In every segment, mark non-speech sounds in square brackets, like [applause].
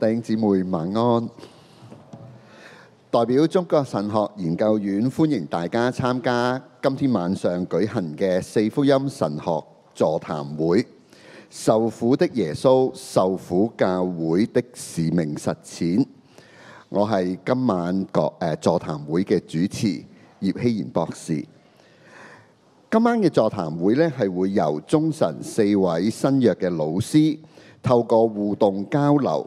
弟兄姊妹晚安，代表中國神學研究院，歡迎大家參加今天晚上舉行嘅四福音神學座談會，受苦的耶穌，受苦教會的使命實踐。我係今晚個誒、呃、座談會嘅主持葉希賢博士。今晚嘅座談會呢，係會由中神四位新約嘅老師透過互動交流。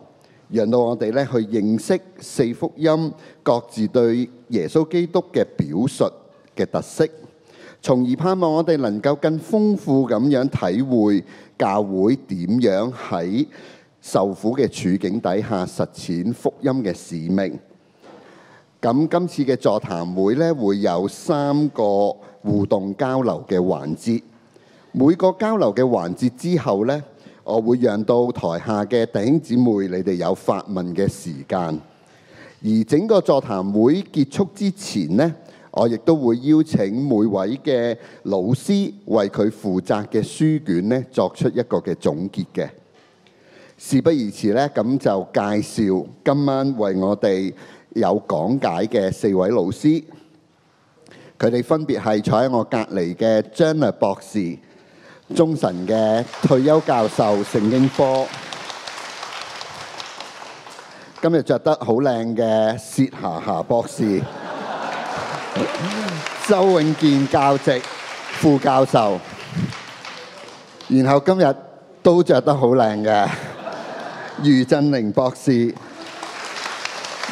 讓到我哋咧去認識四福音各自對耶穌基督嘅表述嘅特色，從而盼望我哋能夠更豐富咁樣體會教會點樣喺受苦嘅處境底下實踐福音嘅使命。咁今次嘅座談會咧，會有三個互動交流嘅環節，每個交流嘅環節之後咧，我會讓到台下嘅弟兄姊妹，你哋有發問嘅時間。而整個座談會結束之前呢，我亦都會邀請每位嘅老師為佢負責嘅書卷呢作出一個嘅總結嘅。事不宜遲呢，咁就介紹今晚為我哋有講解嘅四位老師。佢哋分別係坐喺我隔離嘅張略博士。中神嘅退休教授聖經科今日着得好靚嘅薛霞霞博士， [laughs] 周永健教席副教授，然後今日都着得好靚嘅余振陵博士，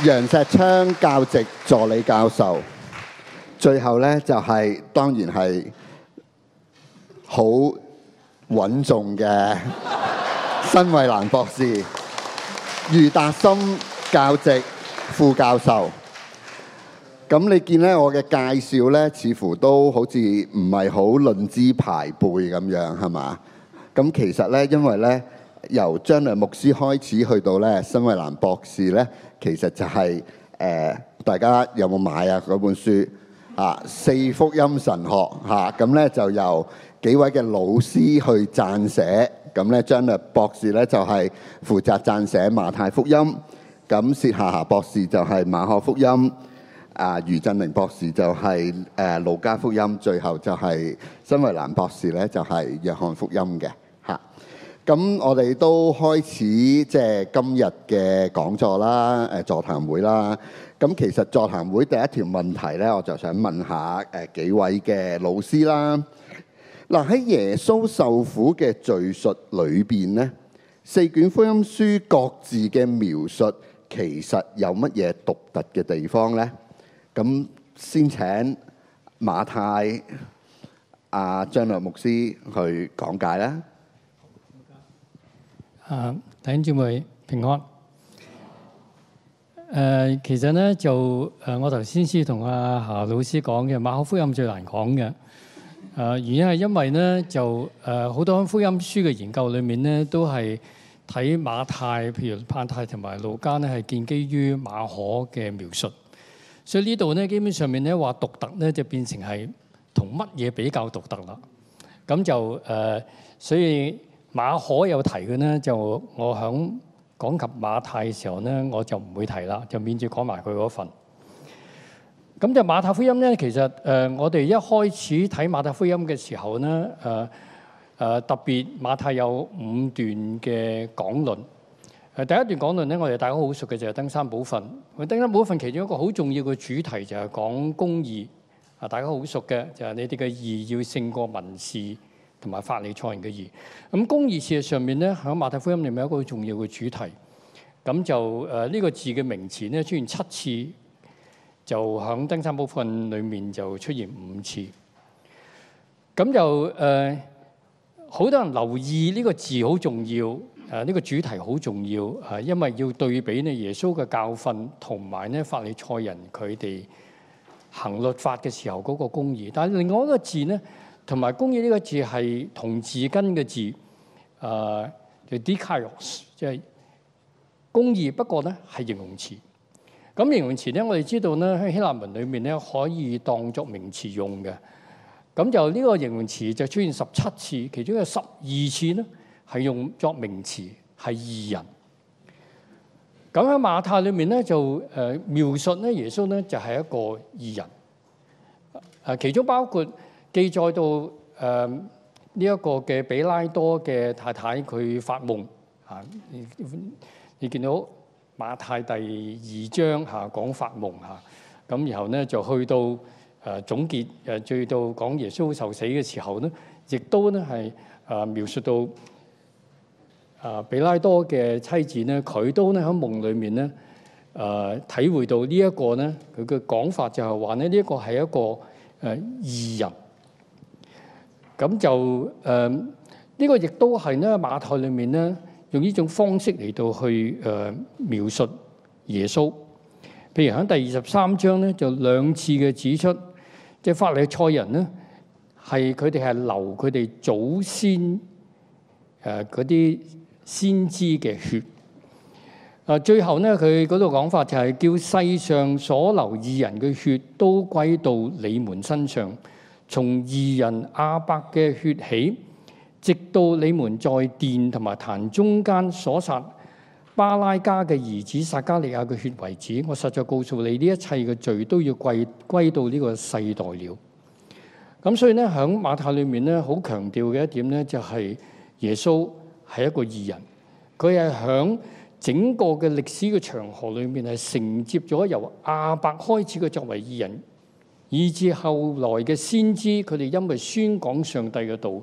楊錫鏘教席助理教授，最後咧就係、是、當然係好。穩重嘅辛惠蘭博士，余達心教席副教授。咁你見咧，我嘅介紹咧，似乎都好似唔係好論資排輩咁樣，係嘛？咁其實咧，因為咧，由張略牧師開始去到咧，辛惠蘭博士咧，其實就係、是、誒、呃，大家有冇買啊嗰本書啊？《四福音神學》嚇、啊，咁咧就由。幾位嘅老師去撰寫，咁咧張略博士咧就係、是、負責撰寫馬太福音，咁薛霞霞博士就係馬可福音，啊余振陵博士就係誒路加福音，最後就係辛惠蘭博士咧就係、是、約翰福音嘅嚇。咁、啊、我哋都開始即係今日嘅講座啦，誒、呃、座談會啦。咁、啊、其實座談會第一條問題咧，我就想問一下誒、呃、幾位嘅老師啦。嗱，喺耶穌受苦嘅敘述裏邊咧，四卷福音書各自嘅描述其實有乜嘢獨特嘅地方咧？咁先請馬太、阿張略牧師去講解啦。啊，弟兄姊妹平安。誒、啊，其實咧就誒，我頭先先同阿夏老師講嘅馬可福音最難講嘅。誒原因係因為咧就誒好、呃、多福音書嘅研究裏面咧都係睇馬太，譬如馬太同埋路加咧係建基於馬可嘅描述，所以這裏呢度咧基本上面咧話獨特咧就變成係同乜嘢比較獨特啦？咁就誒、呃，所以馬可有提嘅咧就我響講及馬太嘅時候咧我就唔會提啦，就免咗講埋佢嗰份。咁就是、馬太福音咧，其實誒、呃、我哋一開始睇馬太福音嘅時候咧，誒、呃、誒、呃、特別馬太有五段嘅講論。誒第一段講論咧，我哋大家好熟嘅就係登山寶訓。登山寶訓其中一個好重要嘅主題就係講公義。啊，大家好熟嘅就係、是、你哋嘅義要勝過文士同埋法利賽人嘅義。咁公義事實上面咧，喺馬太福音入面有一個好重要嘅主題。咁就誒呢、呃這個字嘅名詞咧出現七次。就喺登山部分裏面就出現五次，咁就誒，好、呃、多人留意呢個字好重要，誒、呃、呢、這個主題好重要，啊、呃，因為要對比呢耶穌嘅教訓同埋咧法利賽人佢哋行律法嘅時候嗰個公義，但係另外一個字咧，同埋公義呢個字係同字根嘅字，誒、呃，就 dikaios 即係公義，不過咧係形容詞。咁形容詞咧，我哋知道咧，喺希臘文裏面咧可以當作名詞用嘅。咁就呢個形容詞就出現十七次，其中有十二次咧係用作名詞，係義人。咁喺馬太裏面咧就誒描述咧耶穌咧就係一個義人，啊其中包括記載到誒呢一個嘅比拉多嘅太太佢發夢嚇，你見到。馬太第二章嚇講發夢嚇，咁然後咧就去到誒總結誒，最到講耶穌受死嘅時候咧，亦都咧係誒描述到誒比拉多嘅妻子咧，佢都咧喺夢裡面咧誒體會到呢、這個這個、一個咧，佢嘅講法就係話咧呢一個係一個誒義人，咁就誒呢個亦都係咧馬太裏面咧。用呢種方式嚟到去誒描述耶穌，譬如喺第二十三章咧，就兩次嘅指出，即、就、係、是、法利賽人咧，係佢哋係流佢哋祖先誒嗰啲先知嘅血。啊，最後咧佢嗰度講法就係、是、叫世上所流義人嘅血都歸到你們身上，從義人亞伯嘅血起。直到你們在殿同埋壇中間所殺巴拉加嘅兒子撒迦利亞嘅血為止，我實在告訴你，呢一切嘅罪都要歸歸到呢個世代了。咁所以咧，喺馬太裏面咧，好強調嘅一點咧，就係耶穌係一個義人，佢係喺整個嘅歷史嘅長河裏面係承接咗由亞伯開始嘅作為義人，以至後來嘅先知，佢哋因為宣講上帝嘅道。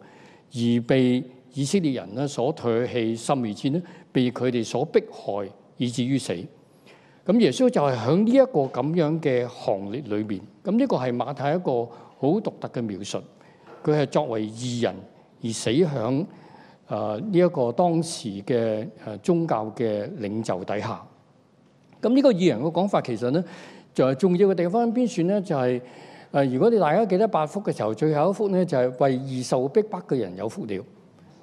而被以色列人咧所唾棄、心懷之咧，被佢哋所迫害，以至於死。咁耶穌就係喺呢一個咁樣嘅行列裏面。咁、這、呢個係馬太一個好獨特嘅描述。佢係作為義人而死喺誒呢一個當時嘅誒宗教嘅領袖底下。咁、這、呢個義人嘅講法其實咧，就係重要嘅地方邊算咧，就係。誒，如果你大家記得八福嘅時候，最後一幅咧就係為義受逼迫嘅人有福了。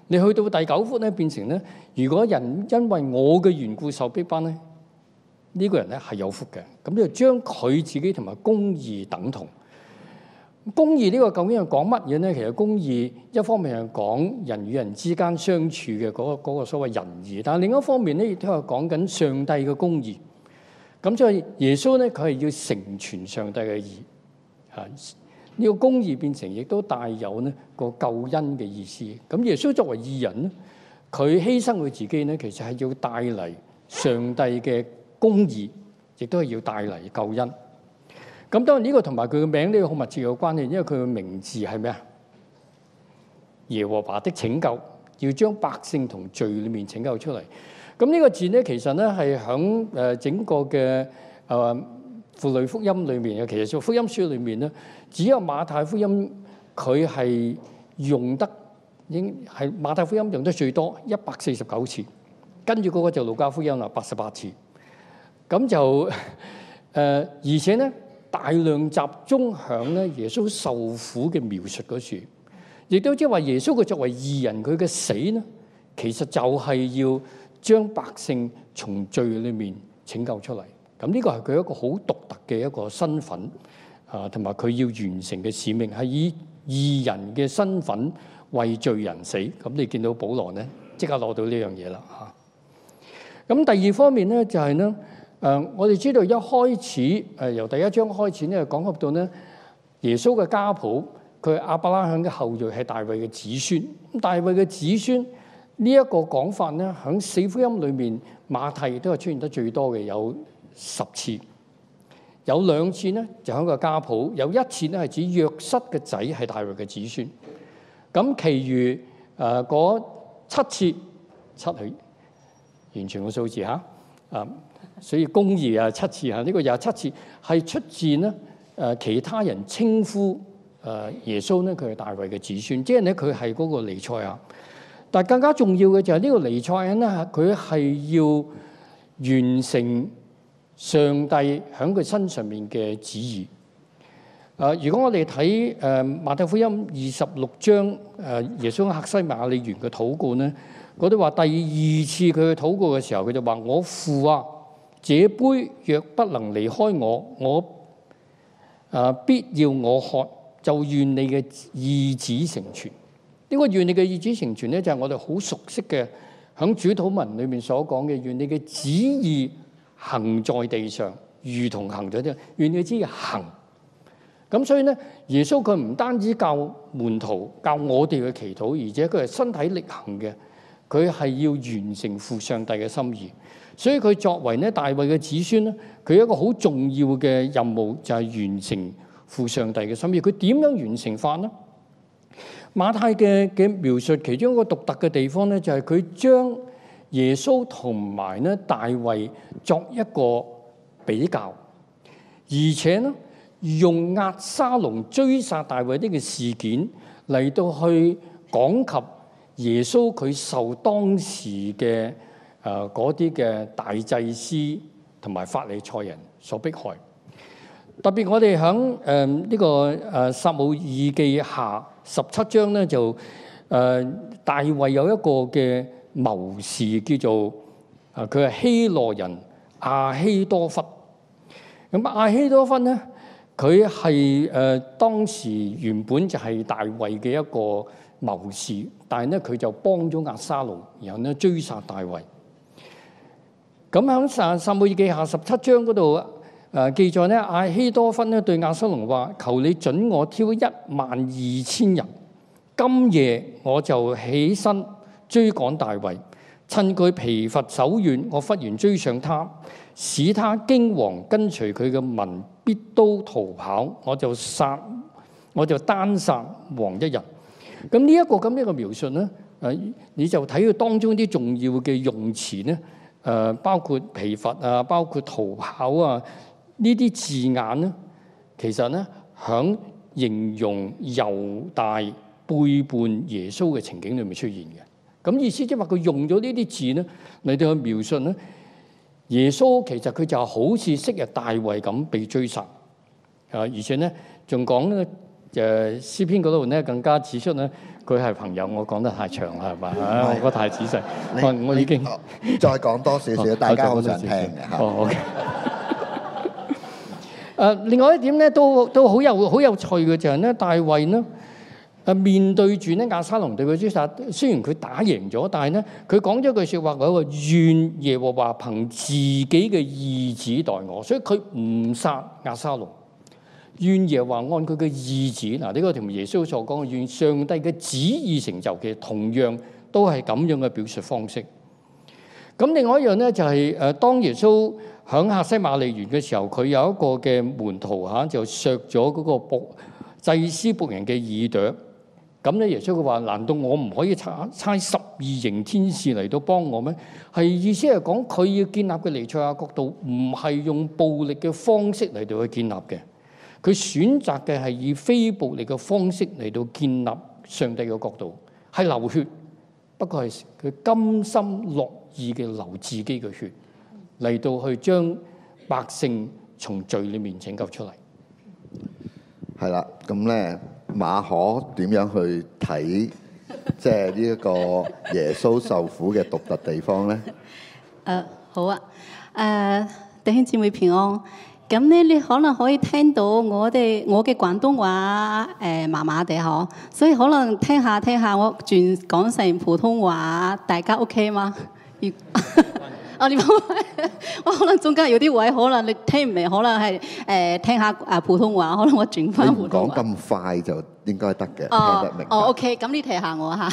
你去到第九幅咧，變成咧，如果人因為我嘅緣故受逼迫咧，呢、呢個人咧係有福嘅。咁就將佢自己同埋公義等同。公義呢個究竟係講乜嘢咧？其實公義一方面係講人與人之間相處嘅嗰嗰個所謂仁義，但係另一方面咧亦都係講緊上帝嘅公義。咁即係耶穌咧，佢係要成全上帝嘅義。呢個公義變成亦都帶有呢個救恩嘅意思。咁耶穌作為義人，佢犧牲佢自己咧，其實係要帶嚟上帝嘅公義，亦都係要帶嚟救恩。咁當然呢個同埋佢嘅名呢個好密切嘅關係，因為佢嘅名字係咩啊？耶和華的拯救，要將百姓同罪裡面拯救出嚟。咁呢個字咧，其實咧係響誒整個嘅誒。《符類福音》裏面嘅，其實福音書裏面咧，只有馬太福音佢係用得，應係馬太福音用得最多，一百四十九次。跟住嗰個就路加福音啦，八十八次。咁就誒、呃，而且咧大量集中響咧耶穌受苦嘅描述嗰處，亦都即係話耶穌佢作為義人佢嘅死咧，其實就係要將百姓從罪裏面拯救出嚟。咁、這、呢個係佢一個好獨特嘅一個身份啊，同埋佢要完成嘅使命係以義人嘅身份為罪人死。咁你見到保羅咧，即刻攞到呢樣嘢啦嚇。咁第二方面咧就係、是、咧，誒我哋知道一開始誒、呃、由第一章開始咧，講及到咧耶穌嘅家譜，佢阿伯拉罕嘅後裔係大衛嘅子孫。咁大衛嘅子孫呢一個講法咧，喺四福音裏面馬太都係出現得最多嘅有。十次，有兩次咧就喺個家譜，有一次咧係指約瑟嘅仔係大衛嘅子孫。咁，其餘誒嗰七次七係完全嘅數字嚇。誒、啊，所以公義啊七次啊呢、這個廿七次係出自咧誒、呃、其他人稱呼誒、呃、耶穌咧佢係大衛嘅子孫，即係咧佢係嗰個彌賽亞。但係更加重要嘅就係呢個彌賽亞咧，佢係要完成。上帝喺佢身上面嘅旨意。誒、呃，如果我哋睇誒馬太福音二十六章誒、呃，耶穌客西馬尼園嘅禱告咧，我都話第二次佢嘅禱告嘅時候，佢就話：我父啊，這杯若不能離開我，我誒、呃、必要我喝，就願你嘅意旨成全。呢、這個願你嘅意旨成全咧，就係、是、我哋好熟悉嘅，喺主禱文裏面所講嘅願你嘅旨意。行在地上，如同行咗啫，上，願你旨意行。咁所以咧，耶穌佢唔單止教門徒教我哋嘅祈禱，而且佢係身體力行嘅。佢係要完成父上帝嘅心意。所以佢作為咧大衛嘅子孫咧，佢有一個好重要嘅任務就係、是、完成父上帝嘅心意。佢點樣完成法咧？馬太嘅嘅描述其中一個獨特嘅地方咧，就係佢將。耶穌同埋咧大衛作一個比較，而且咧用押沙龍追殺大衛呢個事件嚟到去講及耶穌佢受當時嘅誒嗰啲嘅大祭司同埋法利賽人所迫害。特別我哋響誒呢個誒撒母耳記下十七章咧就誒、呃、大衛有一個嘅。謀士叫做啊，佢係希羅人阿希多芬。咁、啊、阿希多芬咧，佢係誒當時原本就係大衛嘅一個謀士，但係咧佢就幫咗阿沙龍，然後咧追殺大衛。咁、啊、喺《撒母耳記下》十七章嗰度誒記載咧，亞、啊、希多芬咧對亞沙龍話：求你准我挑一萬二千人，今夜我就起身。追趕大衞，趁佢疲乏手軟，我忽然追上他，使他驚惶，跟隨佢嘅民必都逃跑。我就殺，我就單殺王一人。咁呢一個咁呢、呢個描述咧，誒你就睇佢當中啲重要嘅用詞咧，誒包括疲乏啊，包括逃跑啊，呢啲字眼咧，其實咧響形容猶大背叛耶穌嘅情景裏面出現嘅。咁意思即係話佢用咗呢啲字咧，你哋去描述咧，耶穌其實佢就係好似昔日大衛咁被追殺，誒而且咧仲講誒詩篇嗰度咧更加指出咧佢係朋友，我講得太長啦係嘛，我覺得太仔細，我已經我再講多少少， [laughs] 大家好想聽誒，啊 [laughs] 哦、okay [laughs] 另外一點咧都都好有好有趣嘅就係咧大衛咧。誒面對住咧押沙龍對佢追殺，雖然佢打贏咗，但係咧佢講咗句説話，佢話願耶和華憑自己嘅意志待我，所以佢唔殺押沙龍。願耶和華按佢嘅意志，嗱、這、呢個同耶穌所講願上帝嘅旨意成就嘅，同樣都係咁樣嘅表述方式。咁另外一樣咧就係、是、誒當耶穌響客西馬尼園嘅時候，佢有一個嘅門徒嚇就削咗嗰個祭司僕人嘅耳朵。咁咧，耶穌佢話：難道我唔可以差差十二營天使嚟到幫我咩？係意思係講佢要建立嘅彌賽亞國度，唔係用暴力嘅方式嚟到去建立嘅。佢選擇嘅係以非暴力嘅方式嚟到建立上帝嘅國度，係流血，不過係佢甘心樂意嘅流自己嘅血嚟到去將百姓從罪裏面拯救出嚟，嗯。係、嗯、啦，咁、嗯、咧。馬可點樣去睇即係呢一個耶穌受苦嘅獨特地方咧？誒、 [laughs] 啊、好啊！誒、呃、弟兄姊妹平安。咁呢，你可能可以聽到我哋我嘅廣東話誒、呃、麻麻地呵，所以可能聽下聽下，聽下我轉講成普通話，大家 OK 嗎？ [laughs] 我 [laughs] 可能中間有啲位，可能你聽唔明，可能係、呃、聽下普通話，可能我轉翻回。你唔講咁快就？應該得嘅，聽得明。哦，OK，咁你提下我吓。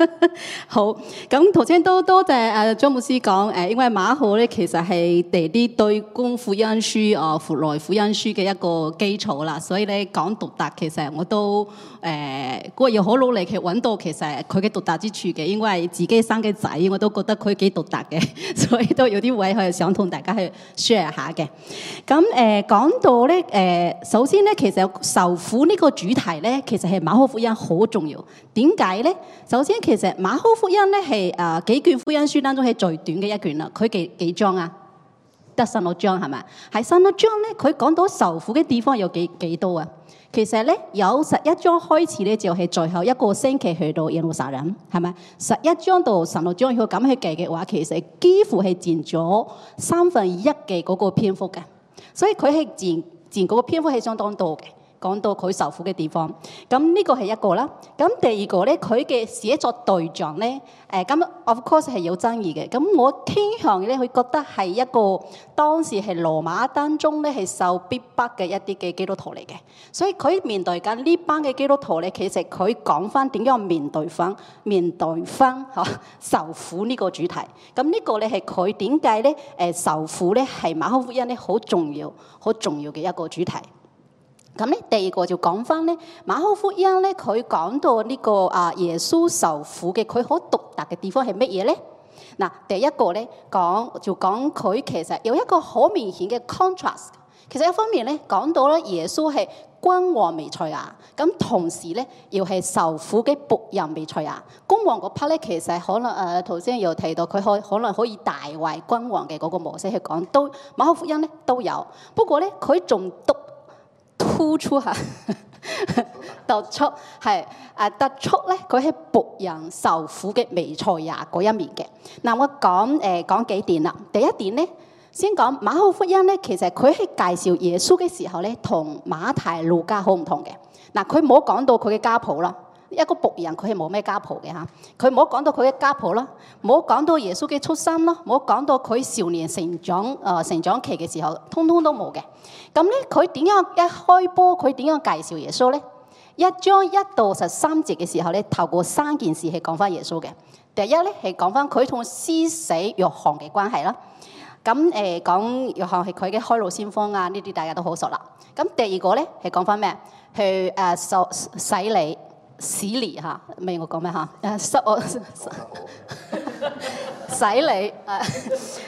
[laughs] 好，咁頭先都多謝誒張牧師講誒，因為馬可咧其實係地啲對觀福音書啊、符、呃、類福音書嘅一個基礎啦，所以咧講獨特其實我都誒、呃，我又好努力去揾到其實佢嘅獨特之處嘅，因為自己生嘅仔我都覺得佢幾獨特嘅，所以都有啲位係想同大家去 share 下嘅。咁誒講到咧誒、呃，首先咧其實受苦呢個主題咧，其實係馬可福音好重要，點解呢？首先，其實馬可福音咧係幾卷福音書當中係最短嘅一卷啦。佢幾幾章啊？得十六章係嘛？係十六章咧，佢講到受苦嘅地方有幾，幾多啊？其實咧，有十一章開始咧就係最後一個星期去到耶路撒冷，係咪？十一章到十六章，如果咁去計嘅話，其實幾乎係佔咗三分一嘅嗰個篇幅嘅，所以佢係占占嗰個篇幅係相當多嘅。講到佢受苦嘅地方，咁呢個係一個啦。咁第二個咧，佢嘅寫作對象咧，誒咁 of course 係有爭議嘅。咁我傾向咧，佢覺得係一個當時係羅馬當中咧係受逼迫嘅一啲嘅基督徒嚟嘅。所以佢面對緊呢班嘅基督徒咧，其實佢講翻點樣面對翻、面對翻嚇、啊、受苦呢個主題。咁呢個咧係佢點解咧誒受苦咧係馬可福音咧好重要、好重要嘅一個主題。咁咧，第二個就講翻咧，馬可福音咧，佢講到呢個啊耶穌受苦嘅，佢好獨特嘅地方係乜嘢咧？嗱，第一個咧講就講佢其實有一個好明顯嘅 contrast。其實一方面咧講到咧耶穌係君王彌賽亞，咁同時咧又係受苦嘅僕人彌賽亞。君王嗰 part 咧其實可能誒，頭先又提到佢可可能可以大衞君王嘅嗰個模式去講，都馬可福音咧都有。不過咧佢仲獨。突出下突出，係啊突出咧，佢係僕人受苦嘅彌賽亞嗰一面嘅。嗱，我講誒、呃、講幾點啦。第一點咧，先講馬可福音咧，其實佢喺介紹耶穌嘅時候咧，同馬太路加好唔同嘅。嗱，佢冇好講到佢嘅家譜啦。一個僕人佢係冇咩家譜嘅嚇，佢冇講到佢嘅家譜咯，冇講到耶穌嘅出生咯，冇講到佢少年成長啊、呃、成長期嘅時候，通通都冇嘅。咁咧佢點樣一開波？佢點樣介紹耶穌咧？一章一到十三節嘅時候咧，透過三件事係講翻耶穌嘅。第一咧係講翻佢同施洗約翰嘅關係啦。咁誒講約翰係佢嘅開路先鋒啊，呢啲大家都好熟啦。咁第二個咧係講翻咩？去誒受洗禮，使你嚇，明我講咩嚇？誒、啊，失我使你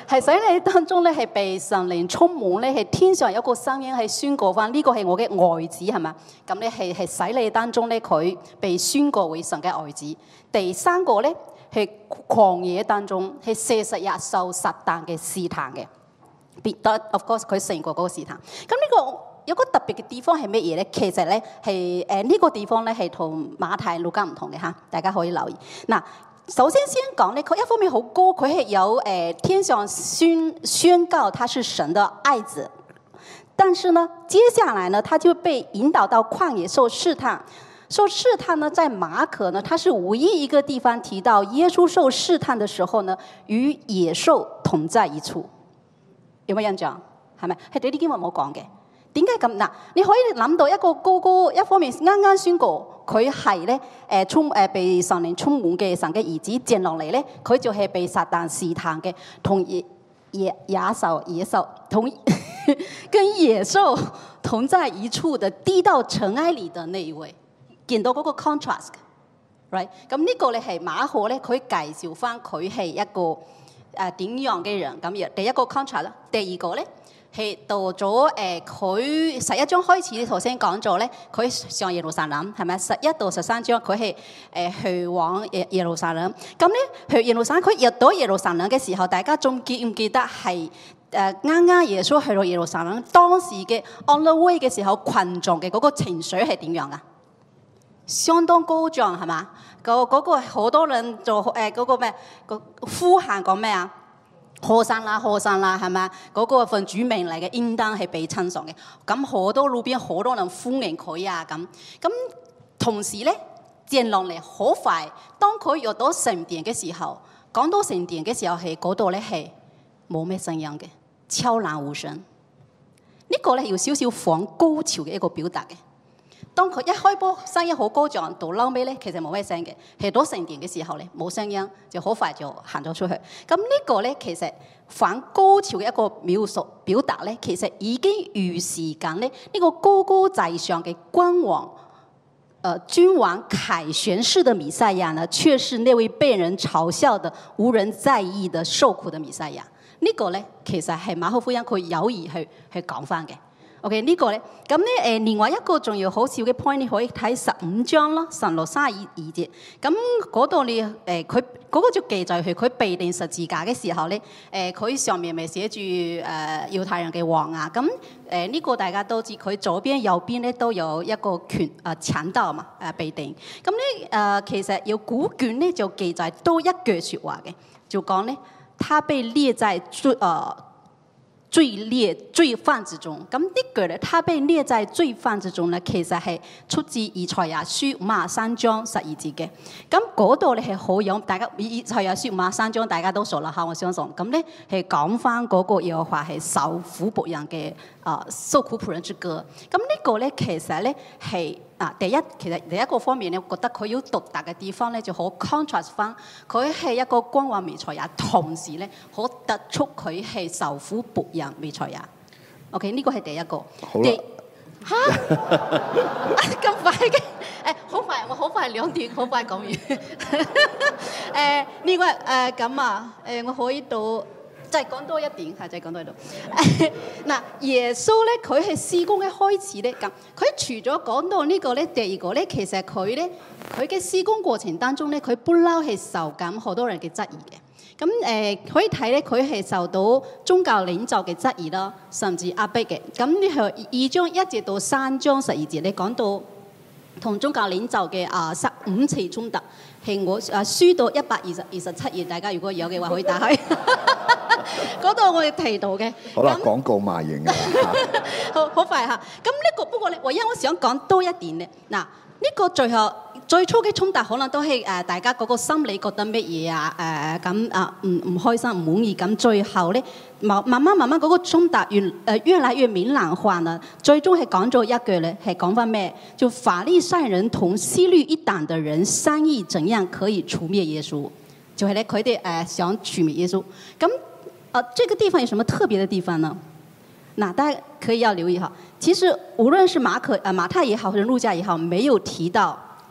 係使你當中咧，係被神靈充滿咧，係天上有一個聲音喺宣告翻，呢、這個係我嘅愛子係嘛？咁咧係係使你當中咧，佢被宣告為神嘅愛子。第三個咧係曠野當中，係四十日受撒但嘅試探嘅，別得。Of course，佢勝過嗰個試探。咁呢、這個。有個特別嘅地方係咩嘢呢？其實呢，係誒呢個地方呢，係同馬太路加唔同嘅嚇，大家可以留意。嗱、呃，首先先講呢，佢一方面好高，佢係由誒天上宣宣告他是神的愛子。但是呢，接下來呢，他就被引導到曠野受試探。受試探呢，在馬可呢，他是唯一一個地方提到耶穌受試探的時候呢，與野獸同在一處。有冇印象？係咪係？呢啲經文我講嘅。點解咁嗱？你可以諗到一個哥哥，一方面啱啱宣告佢係咧，誒充誒被聖靈充滿嘅神嘅兒子降落嚟咧，佢就係被撒旦試探嘅，同野野野獸野獸同 [laughs] 跟野獸同在一處嘅地低到塵埃裡嘅呢一位，見到嗰個 contrast，right？咁呢個咧係馬可咧，佢介紹返佢係一個誒點、呃、樣嘅人。咁第一個 contrast，第二個咧？係到咗誒佢十一章開始，頭先講咗咧，佢上耶路撒冷係咪？十一到十三章，佢係誒去往耶耶路撒冷。咁咧去耶路撒，佢入到耶路撒冷嘅時候，大家仲記唔記得係誒啱啱耶穌去到耶路撒冷當時嘅 on the way 嘅時候，群眾嘅嗰個情緒係點樣啊？相當高漲係嘛？嗰個嗰、嗰個好多人做，誒、呃、嗰、嗰個咩、嗰個呼喊講咩啊？和散那，和散那，係嘛？嗰、啊那個奉主名嚟嘅應當係被稱頌嘅。咁好多路邊好多人歡迎佢啊咁。咁同時咧，轉落嚟好快。當佢入到聖殿嘅時候，講到聖殿嘅時候係嗰度咧係冇咩聲音嘅，超冷無聲。這個、呢個咧有少少反高潮嘅一個表達嘅。當佢一開波，聲音好高漲，到後尾咧其實冇咩聲嘅，係到聖殿嘅時候咧冇聲音，就好快就行咗出去。咁呢個咧其實反高潮嘅一個描述表達咧，其實已經預示緊咧呢個高高在上嘅君王，誒、呃、君王凱旋式的彌賽亞呢，卻是那位被人嘲笑的、無人在意的、受苦的彌賽亞。這個、呢個咧其實係馬可福音佢有意去去講翻嘅。OK，呢個呢，咁咧、呃、另外一個重要好笑嘅 point 你可以睇十五章咯，神羅三十二節，咁嗰度你佢嗰個就記載佢，佢被定十字架嘅時候呢，誒、呃、佢上面咪寫住猶太人嘅王啊，咁誒呢個大家都知道，佢左邊右邊咧都有一個拳啊剷刀嘛，誒、呃呃呃、被定，咁咧、呃、其實有古卷咧就記載多一句説話嘅，就講咧，他被列在罪列罪犯之中，咁呢個呢，他被列在罪犯之中呢，其實係出自《易財也書》馬山章十二節嘅。咁嗰度咧係好有，大家《易財也書》馬山章大家都熟啦嚇，我相信。咁呢，係講翻嗰個嘢嘅話係《受苦僕人嘅》啊、呃，《受苦僕人之歌》。咁呢個呢，其實呢，係。嗱，第一其實第一個方面咧，我覺得佢要獨特嘅地方咧，就好 contrast 翻。佢係一個光華彌賽亞，同時咧好突出佢係受苦僕人彌賽亞，OK，呢個係第一個。好啦。咁 [laughs] [laughs] [laughs] [laughs] [laughs] [laughs] 快嘅？誒，好快，我好快兩段，好 [laughs] 快講完。誒、 [laughs] 呃，呢個誒咁啊，誒、呃、我可以到。就係講多一點嚇，就係講多一度。嗱， [laughs] 耶穌咧，佢係事工嘅開始咧。咁佢除咗講到呢、這個咧，第二個咧，其實佢咧，佢嘅事工過程當中咧，佢不嬲係受緊好多人嘅質疑嘅。咁誒、呃、可以睇咧，佢係受到宗教領袖嘅質疑咯，甚至壓迫嘅。咁呢，係二章一直到三章十二節，你講到同宗教領袖嘅啊，十五次衝突。係我輸到一百二十二十七頁，大家如果有嘅話可以打開嗰度， [laughs] [laughs] 那裡我哋提到嘅。好啦廣告賣完嘅、啊、 [laughs] 好好快嚇。咁呢、呢個不過咧，唯一我想講多一點呢，嗱，呢個最後。最初嘅衝突可能都係誒、呃，大家嗰個心理覺得乜嘢啊？誒、呃、咁啊，唔、嗯、唔、嗯、開心、唔滿意咁。最後咧，慢慢慢慢慢嗰個衝突越誒越來越明朗化呢。最終係講咗一句咧，係講翻咩？就法利賽人同希律一黨嘅人商議，怎樣可以除滅耶穌？就係、是、咧，佢哋誒想除滅耶穌。咁、嗯、啊、呃，這個地方有什麼特別嘅地方呢？嗱、呃，大家可以要留意下。其實無論是馬可、啊馬太也好，或者路加也好，沒有提到。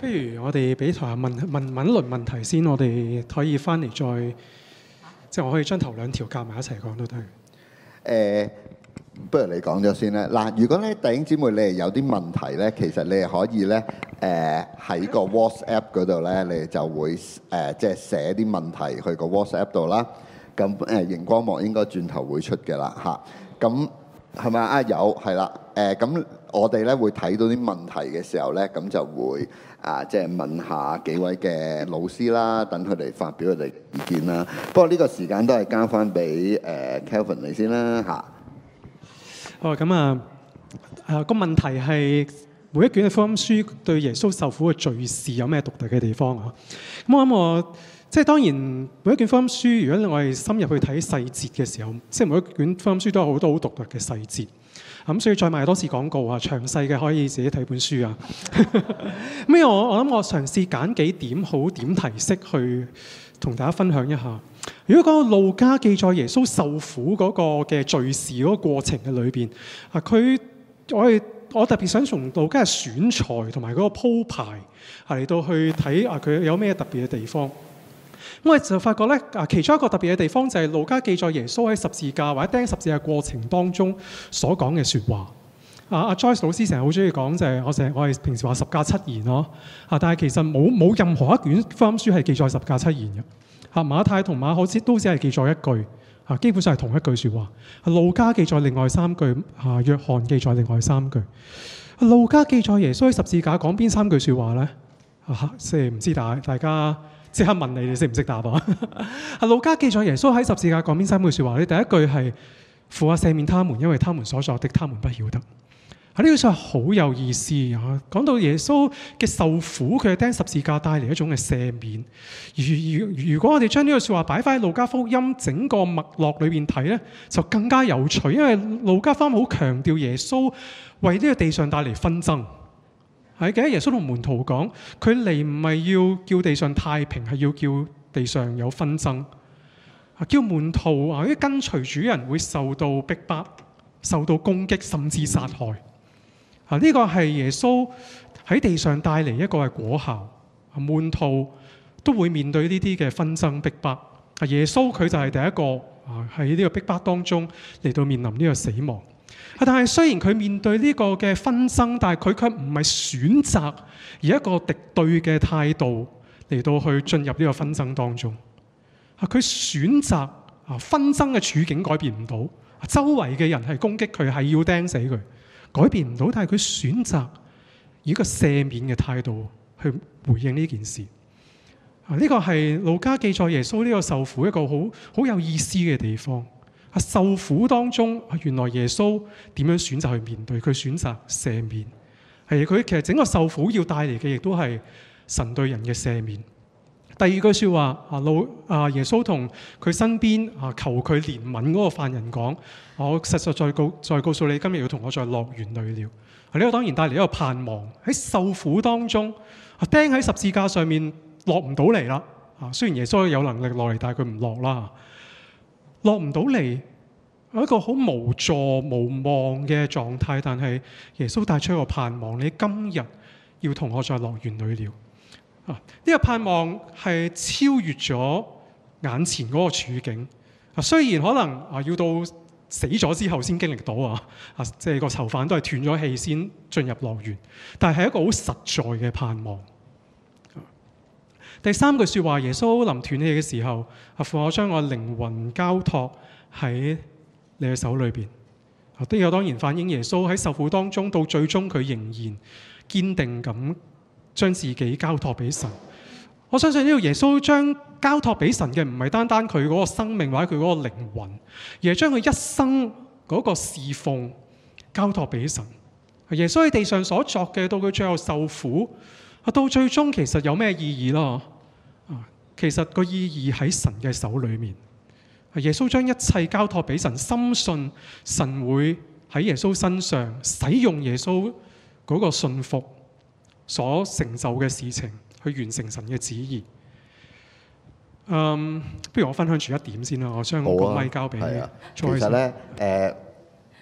不如我哋俾台下問問問一輪問題先，我哋可以翻嚟再即係我可以將頭兩條夾埋一齊講都得。誒，不如你講咗先啦。嗱，如果咧弟兄姊妹你係有啲問題咧，其實你係可以咧誒喺個 WhatsApp 嗰度咧，你就會誒即係寫啲問題去個 WhatsApp 度啦。咁誒熒光幕應該轉頭會出嘅啦吓，咁係咪啊？有係啦。誒咁、呃、我哋咧會睇到啲問題嘅時候咧，咁就會。啊，即、就、係、是、問下幾位嘅老師啦，等佢哋發表佢哋意見啦。不過呢個時間都係交翻俾誒、呃、Kelvin 你先啦嚇。好啊，咁、哦嗯、啊，啊個問題係每一卷福音書對耶穌受苦嘅敘事有咩獨特嘅地方啊？咁我諗我即係當然每一卷福音書，如果我哋深入去睇細節嘅時候，即係每一卷福音書都有好多好獨特嘅細節。咁所以再賣多次廣告啊！詳細嘅可以自己睇本書啊。咩？ [laughs] 我想我諗我嘗試揀幾點好點提式去同大家分享一下。如果講到路加記載耶穌受苦嗰個嘅敘事嗰個過程嘅裏邊啊，佢我我特別想從路加嘅選材同埋嗰個鋪排嚟到去睇啊，佢有咩特別嘅地方？我就發覺咧，啊，其中一個特別嘅地方就係《路加》記載耶穌喺十字架或者釘十字嘅過程當中所講嘅説話。啊，阿 Joyce 老師成日好中意講，就係我成我係平時話十架七言咯。嚇，但係其實冇冇任何一卷福音書係記載十架七言嘅。嚇，馬太同馬可只都只係記載一句。嚇，基本上係同一句説話。《路加》記載另外三句。嚇，《約翰》記載另外三句。《路加》記載耶穌喺十字架講邊三句説話呢？嚇、啊，即係唔知大大家。即刻問你，你識唔識答？喺 [laughs] 《路加記》上，耶穌喺十字架講邊三句說話？你第一句係：俯下赦免他們，因為他們所作的，他們不曉得。喺呢句說話好有意思啊！講到耶穌嘅受苦，佢係釘十字架帶嚟一種嘅赦免。如如果我哋將呢句說話擺翻喺《路加福音》整個脈絡裏面睇呢，就更加有趣，因為《路加福音》好強調耶穌為呢個地上帶嚟紛爭。喺記得耶穌同門徒講，佢嚟唔係要叫地上太平，係要叫地上有紛爭。啊，叫門徒啊，一跟隨主人會受到逼迫、受到攻擊，甚至殺害。啊，呢個係耶穌喺地上帶嚟一個係果效。啊，門徒都會面對呢啲嘅紛爭逼迫。啊，耶穌佢就係第一個啊，喺呢個逼迫當中嚟到面臨呢個死亡。但係雖然佢面對呢個嘅紛爭，但係佢卻唔係選擇以一個敵對嘅態度嚟到去進入呢個紛爭當中。他啊！佢選擇啊紛爭嘅處境改變唔到，周圍嘅人係攻擊佢，係要釘死佢，改變唔到。但係佢選擇以個赦免嘅態度去回應呢件事。啊！呢、這個係路加記載耶穌呢個受苦一個好好有意思嘅地方。受苦當中，原來耶穌點樣選擇去面對？佢選擇赦免，係佢其實整個受苦要帶嚟嘅，亦都係神對人嘅赦免。第二句說話，啊老啊耶穌同佢身邊啊求佢憐憫嗰個犯人講：我實實在在再告訴你，今日要同我在樂園裏了。呢、呢個當然帶嚟一個盼望喺受苦當中，釘喺十字架上面落唔到嚟啦。啊，雖然耶穌有能力落嚟，但係佢唔落啦。落唔到嚟，係一個好無助無望嘅狀態。但係耶穌帶出一個盼望，你今日要同我再樂園裏了。啊，呢個盼望係超越咗眼前嗰個處境。啊，雖然可能啊要到死咗之後先經歷到啊啊，即係個囚犯都係斷咗氣先進入樂園。但係係一個好實在嘅盼望。第三句說話，耶穌臨斷氣嘅時候，父，將我靈魂交託喺你嘅手裏邊。呢個當然反映耶穌喺受苦當中，到最終佢仍然堅定咁將自己交託俾神。我相信呢個耶穌將交託俾神嘅，唔係單單佢嗰個生命或者佢嗰個靈魂，而係將佢一生嗰個侍奉交託俾神。耶穌喺地上所作嘅，到佢最後受苦。到最終其實有咩意義咯？其實個意義喺神嘅手裏面。耶穌將一切交託俾神，深信神會喺耶穌身上使用耶穌嗰個信服所成就嘅事情，去完成神嘅旨意、嗯。不如我分享住一點先啦。我將個麥交俾你、啊。其實咧，呃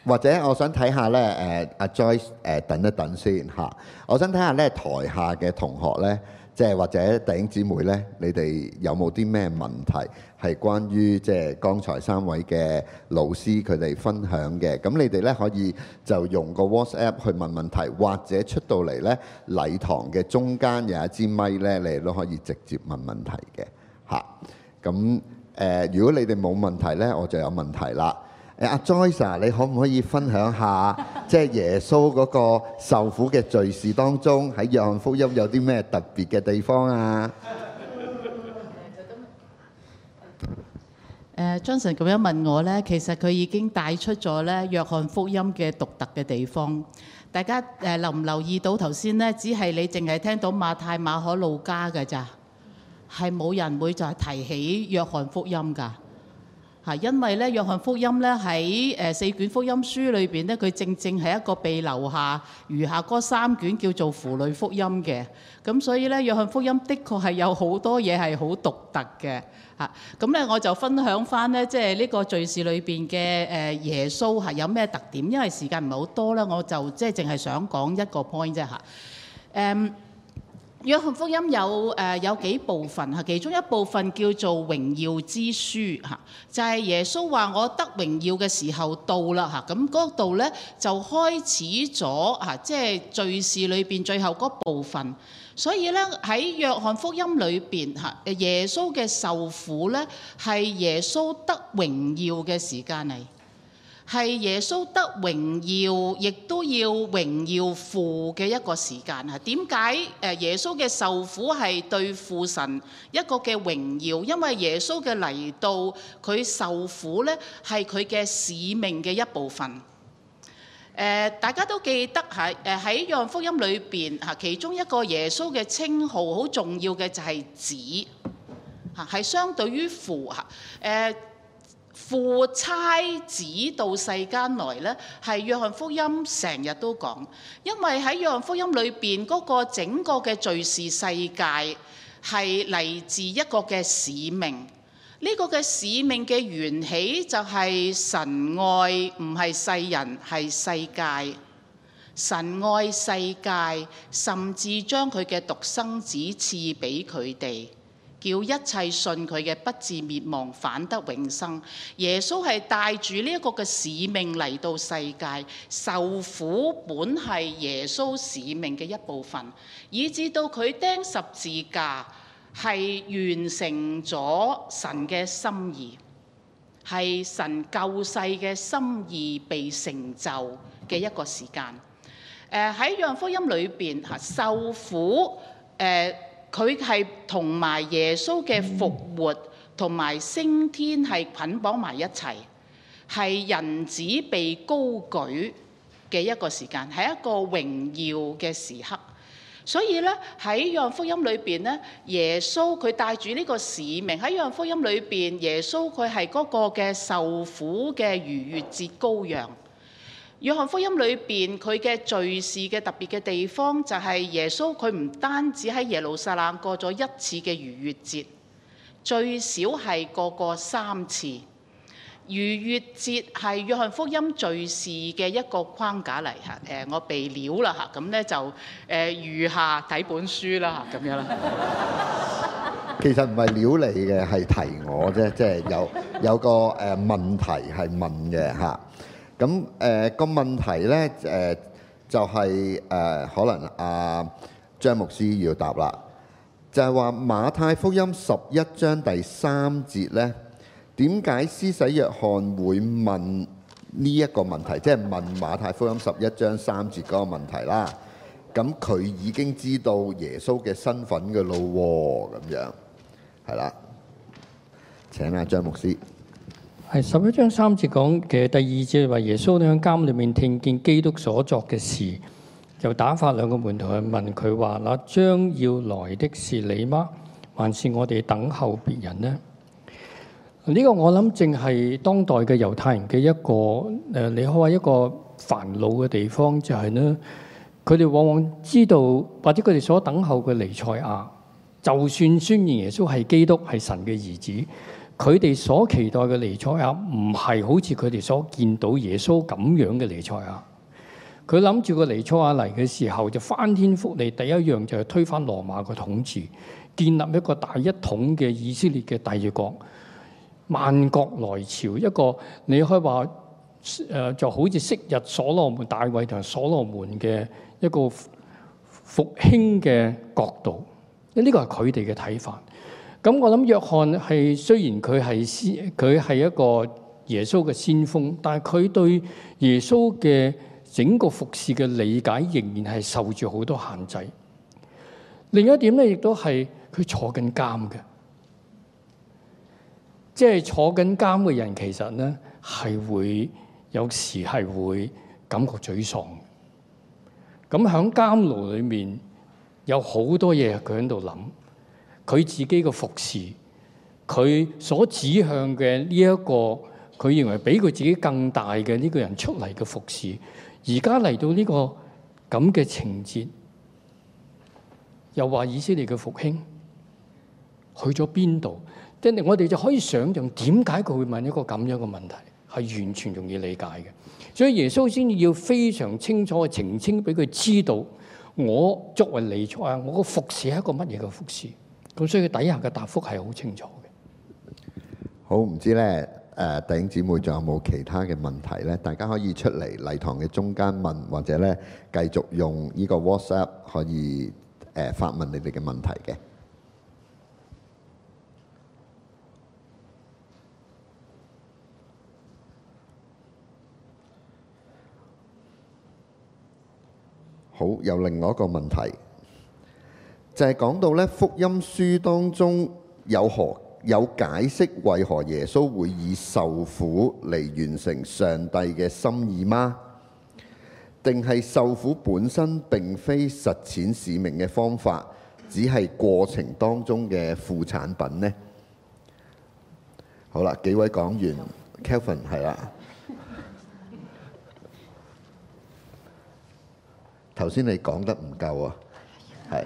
或者我想睇下咧，誒阿 Joyce 誒等一等先吓、嗯。我想睇下咧台下嘅同學咧，即係或者弟兄姊妹咧，你哋有冇啲咩問題，係關於即係剛才三位嘅老師佢哋分享嘅？咁你哋咧可以就用個 WhatsApp 去問問題，或者出到嚟咧禮堂嘅中間有一支咪咧，你哋都可以直接問問題嘅吓。咁、嗯、誒，uh, 如果你哋冇問題咧，我就有問題啦。阿 Joyce，你可唔可以分享下，即係耶穌嗰個受苦嘅敘事當中，喺約翰福音有啲咩特別嘅地方啊？誒，Johnson 咁樣問我咧，其實佢已經帶出咗咧約翰福音嘅獨特嘅地方。大家誒留唔留意到頭先咧？只係你淨係聽到馬太、馬可、路加㗎咋，係冇人會再提起約翰福音㗎。因為咧，約翰福音咧喺誒四卷福音書裏邊咧，佢正正係一個被留下餘下嗰三卷叫做符類福音嘅，咁所以咧，約翰福音的確係有好多嘢係好獨特嘅，嚇，咁咧我就分享翻咧，即係呢個敘事裏邊嘅誒耶穌係有咩特點，因為時間唔係好多啦，我就即係淨係想講一個 point 啫嚇，誒、嗯。約翰福音有誒有幾部分，其中一部分叫做榮耀之書，就係、是、耶穌話我得榮耀嘅時候到啦嚇，咁嗰度咧就開始咗嚇，即係敘事裏面最後嗰部分，所以咧喺約翰福音裏面，耶穌嘅受苦咧係耶穌得榮耀嘅時間嚟。係耶穌得榮耀，亦都要榮耀父嘅一個時間啊。點解誒耶穌嘅受苦係對父神一個嘅榮耀？因為耶穌嘅嚟到，佢受苦呢係佢嘅使命嘅一部分。誒，大家都記得喺誒喺《約翰福音》裏邊嚇，其中一個耶穌嘅稱號好重要嘅就係子嚇，係相對於父嚇誒。父差子到世間來呢，係約翰福音成日都講，因為喺約翰福音裏邊嗰個整個嘅敘事世界係嚟自一個嘅使命，呢、這個嘅使命嘅源起就係神愛唔係世人係世界，神愛世界，甚至將佢嘅獨生子賜俾佢哋，要一切信佢嘅不致滅亡，反得永生。耶穌係帶住呢一個嘅使命嚟到世界，受苦本係耶穌使命嘅一部分，以至到佢釘十字架係完成咗神嘅心意，係神救世嘅心意被成就嘅一個時間。誒、呃，喺《約翰福音》裏邊吓受苦誒。呃佢係同埋耶穌嘅復活同埋升天係捆綁埋一齊，係人子被高舉嘅一個時間，係一個榮耀嘅時刻。所以咧喺《約翰福音》裏邊咧，耶穌佢帶住呢個使命喺《約翰福音》裏邊，耶穌佢係嗰個嘅受苦嘅逾越節羔羊。約翰福音裏邊佢嘅敍事嘅特別嘅地方就係耶穌佢唔單止喺耶路撒冷過咗一次嘅逾越節，最少係過過三次。逾越節係約翰福音敍事嘅一個框架嚟嚇。誒、呃，我被撩啦嚇，咁、啊、咧就誒餘、呃、下睇本書啦嚇，咁、啊、樣啦。 [laughs] 其實唔係撩你嘅，係提我啫，即、就、係、是、有有個誒、呃、問題係問嘅嚇。啊咁誒個問題咧誒就係誒可能阿張牧師要答啦，就係話馬太福音十一章第三節咧，點解施洗約翰會問呢一個問題，即係問馬太福音十一章三節嗰個問題啦？咁佢已經知道耶穌嘅身份嘅咯喎，咁樣係啦。請阿張牧師。係十一章三節講嘅第二節，話耶穌喺監裏面聽見基督所作嘅事，又打發兩個門徒去問佢話：嗱，將要來的是你嗎？還是我哋等候別人呢？呢、這個我諗正係當代嘅猶太人嘅一個誒，你可話一個煩惱嘅地方就係呢，佢哋往往知道或者佢哋所等候嘅彌賽亞，就算宣言耶穌係基督係神嘅兒子。佢哋所期待嘅彌賽亞唔係好似佢哋所見到耶穌咁樣嘅彌賽亞，佢諗住個彌賽亞嚟嘅時候就翻天覆地，第一樣就係推翻羅馬嘅統治，建立一個大一統嘅以色列嘅帝國。萬國來朝一個你可以話誒就好似昔日所羅門大衛同所羅門嘅一個復興嘅國度，呢個係佢哋嘅睇法。咁我諗約翰係雖然佢係先，佢係一個耶穌嘅先鋒，但係佢對耶穌嘅整個服侍嘅理解仍然係受住好多限制。另一點咧，亦都係佢坐緊監嘅，即係坐緊監嘅人，其實咧係會有時係會感覺沮喪。咁喺監牢裏面，有好多嘢佢喺度諗。佢自己嘅服侍，佢所指向嘅呢一個，佢認為比佢自己更大嘅呢、這個人出嚟嘅服侍，而家嚟到呢、這個咁嘅情節，又話以色列嘅復興去咗邊度？真係我哋就可以想象點解佢會問一個咁樣嘅問題，係完全容易理解嘅。所以耶穌先要非常清楚嘅澄清俾佢知道，我作為彌賽亞，我個服侍係一個乜嘢嘅服侍？咁所以底下嘅答覆係好清楚嘅。好，唔知咧，誒弟兄姊妹仲有冇其他嘅問題咧？大家可以出嚟禮堂嘅中間問，或者咧繼續用呢個 WhatsApp 可以誒發問你哋嘅問題嘅。好，有另外一個問題。就係、是、講到咧，福音書當中有何有解釋為何耶穌會以受苦嚟完成上帝嘅心意嗎？定係受苦本身並非實踐使命嘅方法，只係過程當中嘅副產品呢？好啦，幾位講完，Kelvin 係啦，頭 [laughs] 先是了 [laughs] 你講得唔夠啊，係。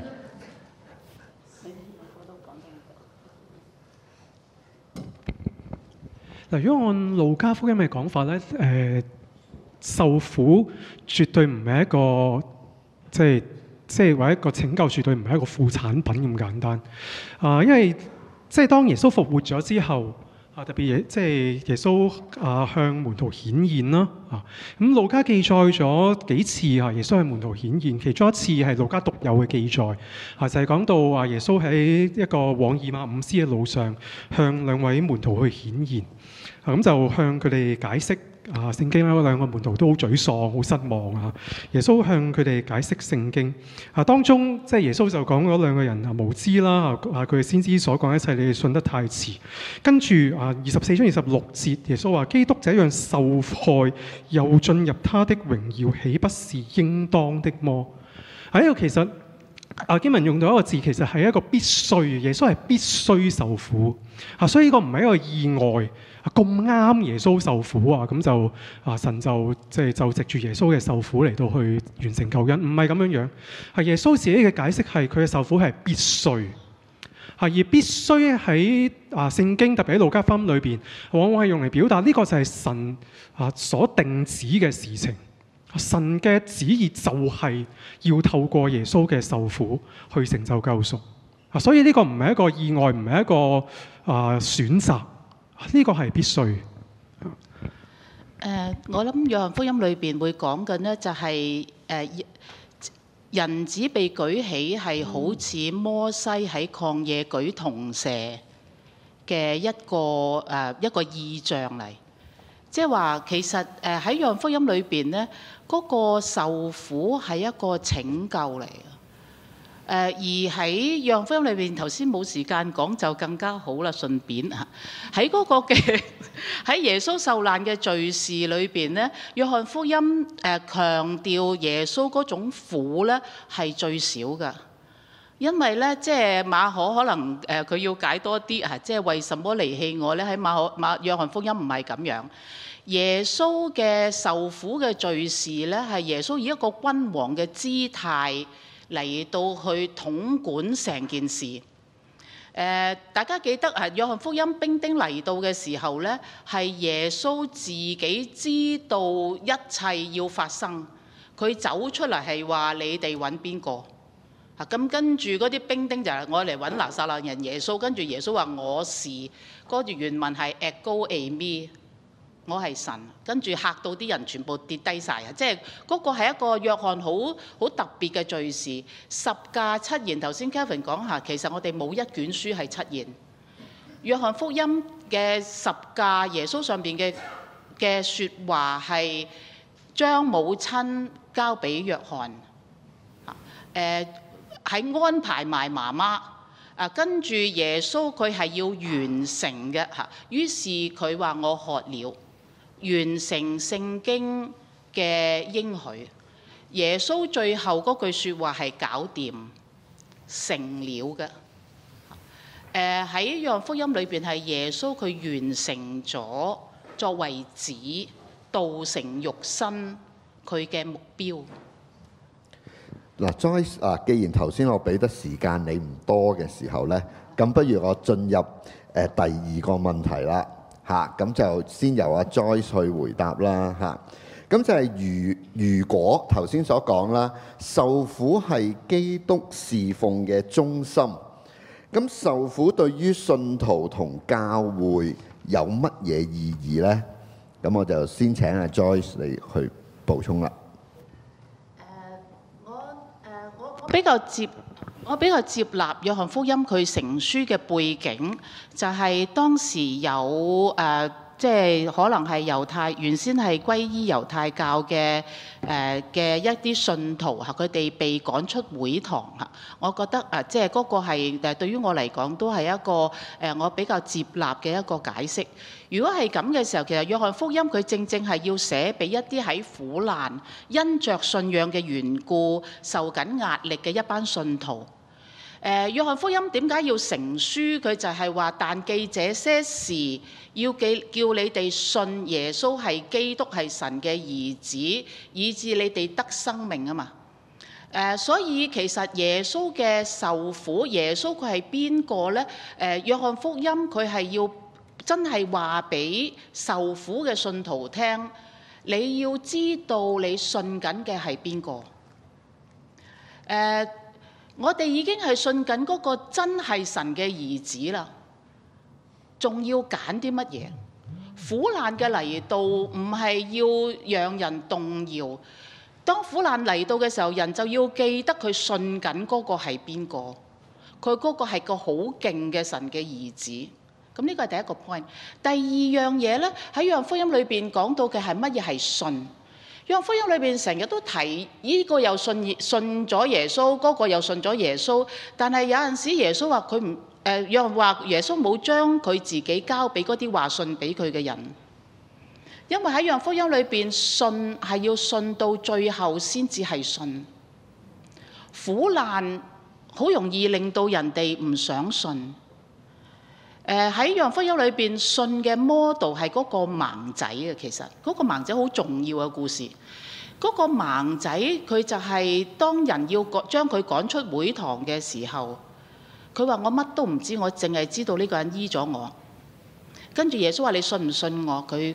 如果按路加福音嘅講法咧，誒受苦絕對唔係一個，即係即係話一個拯救，絕對唔係一個副產品咁簡單。啊，因為即係當耶穌復活咗之後，啊特別嘢，即係耶穌啊向門徒顯現啦。啊，咁路加記載咗幾次耶穌係門徒顯現，其中一次係路加獨有嘅記載，就係、是、講到耶穌喺一個往以馬忤斯嘅路上，向兩位門徒去顯現。咁就向佢哋解釋啊聖經啦，兩個門徒都好沮喪，好失望啊！耶穌向佢哋解釋聖經啊，當中即係耶穌就講嗰兩個人啊無知啦啊，佢哋先知所講一切，你哋信得太遲。跟住啊，二十四章二十六節，耶穌話：基督這樣受害，又進入他的榮耀，豈不是應當的麼？喺呢個其實阿經文用到一個字，其實係一個必須。耶穌係必須受苦啊，所以呢個唔係一個意外。咁啱耶穌受苦啊，咁就啊神就即係就藉住耶穌嘅受苦嚟到去完成救恩，唔係咁樣樣。係耶穌自己嘅解釋係佢嘅受苦係必須，而必須喺啊聖經特別喺路加福音裏面，往往係用嚟表達呢個就係神啊所定旨嘅事情。神嘅旨意就係要透過耶穌嘅受苦去成就救贖啊，所以呢個唔係一個意外，唔係一個啊選擇。呢、這個係必須誒、呃、我諗《約翰福音裏說、就係》裏邊會講緊咧，就係誒人子被舉起係好似摩西喺曠野舉銅蛇嘅一個誒、呃、一個意象嚟，即係話其實誒喺《約翰福音裏》裏邊咧，嗰個受苦係一個拯救嚟。誒而喺《約翰福音》裏邊，頭先冇時間講就更加好啦。順便嚇，喺嗰、那個嘅喺耶穌受難嘅敘事裏邊咧，《約翰福音》誒強調耶穌嗰種苦咧係最少㗎，因為咧即係馬可可能誒佢要解多啲啊，即係為什麼離棄我咧？喺馬可馬，《約翰福音》唔係咁樣，耶穌嘅受苦嘅敘事咧係耶穌以一個君王嘅姿態。嚟到去統管成件事，誒、呃、大家記得係《約翰福音》兵丁嚟到嘅時候呢，係耶穌自己知道一切要發生，佢走出嚟係話，你哋揾邊個？咁跟住嗰啲兵丁就係，我嚟揾拿撒勒人耶穌，跟住耶穌話我係，嗰、那、段、個、原文係 ego eimi。我係神，跟住嚇到啲人全部跌低晒。啊！即係嗰、那個係一個約翰好好特別嘅敘事。十架七言，頭先 Kevin 講下，其實我哋冇一卷書係七言。約翰福音嘅，十架耶穌上邊嘅嘅説話係將母親交俾約翰，誒、呃、喺安排埋媽媽啊，跟住耶穌佢係要完成嘅嚇，於是佢話我渴了。完成聖經嘅應許，耶穌最後嗰句説話係搞掂，成了嘅。喺一樣福音裏邊係耶穌佢完成咗作為子道成肉身佢嘅目標。嗱、啊、Joyce 啊，既然頭先我俾得時間你唔多嘅時候呢，咁不如我進入、呃、第二個問題啦。嚇，咁就先由阿 Joyce 去回答啦嚇。咁就係如如果頭先所講啦，受苦係基督侍奉嘅中心，咁受苦對於信徒同教會有乜嘢意義呢？咁我就先請阿 Joyce 你去補充啦。誒，我誒我比較接。我比較接納約翰福音佢成書嘅背景，就係、是、當時有，呃即係可能係猶太，原先係歸依猶太教嘅誒嘅一啲信徒，嚇佢哋被趕出會堂嚇。我覺得誒，即係嗰個係誒，對於我嚟講都係一個誒、呃，我比較接納嘅一個解釋。如果係咁嘅時候，其實約翰福音佢正正係要寫俾一啲喺苦難因着信仰嘅緣故受緊壓力嘅一班信徒。誒、呃，約翰福音點解要成書？佢就係話，但記這些事，要記叫你哋信耶穌係基督係神嘅兒子，以致你哋得生命啊嘛、呃。所以其實耶穌嘅受苦，耶穌佢係邊個呢？誒、呃，約翰福音佢係要真係話俾受苦嘅信徒聽，你要知道你信緊嘅係邊個。誒、呃。我哋已經係信緊嗰個真係神嘅兒子啦，仲要揀啲乜嘢？苦難嘅嚟到唔係要讓人動搖。當苦難嚟到嘅時候，人就要記得佢信緊嗰個係邊個。佢嗰個係個好勁嘅神嘅兒子。咁呢個係第一個 point。第二樣嘢咧，喺約翰福音裏面講到嘅係乜嘢係信？約福音裏面成日都提呢、這個又信咗耶穌，嗰、這個又信咗耶穌，但係有陣時候耶穌話佢唔誒、約、呃、話耶穌冇將佢自己交俾嗰啲話信俾佢嘅人，因為喺《約福音》裏面，信係要信到最後先至係信，苦難好容易令到人哋唔想信。誒喺《約翰福音》裏邊，信嘅 model 係嗰個盲仔嘅。其實嗰個盲仔好重要嘅故事，嗰、嗰個盲仔佢就係當人要講將佢趕出會堂嘅時候，佢話我乜都唔知道，我淨係知道呢個人醫咗我。跟住耶穌話：你信唔信我？佢，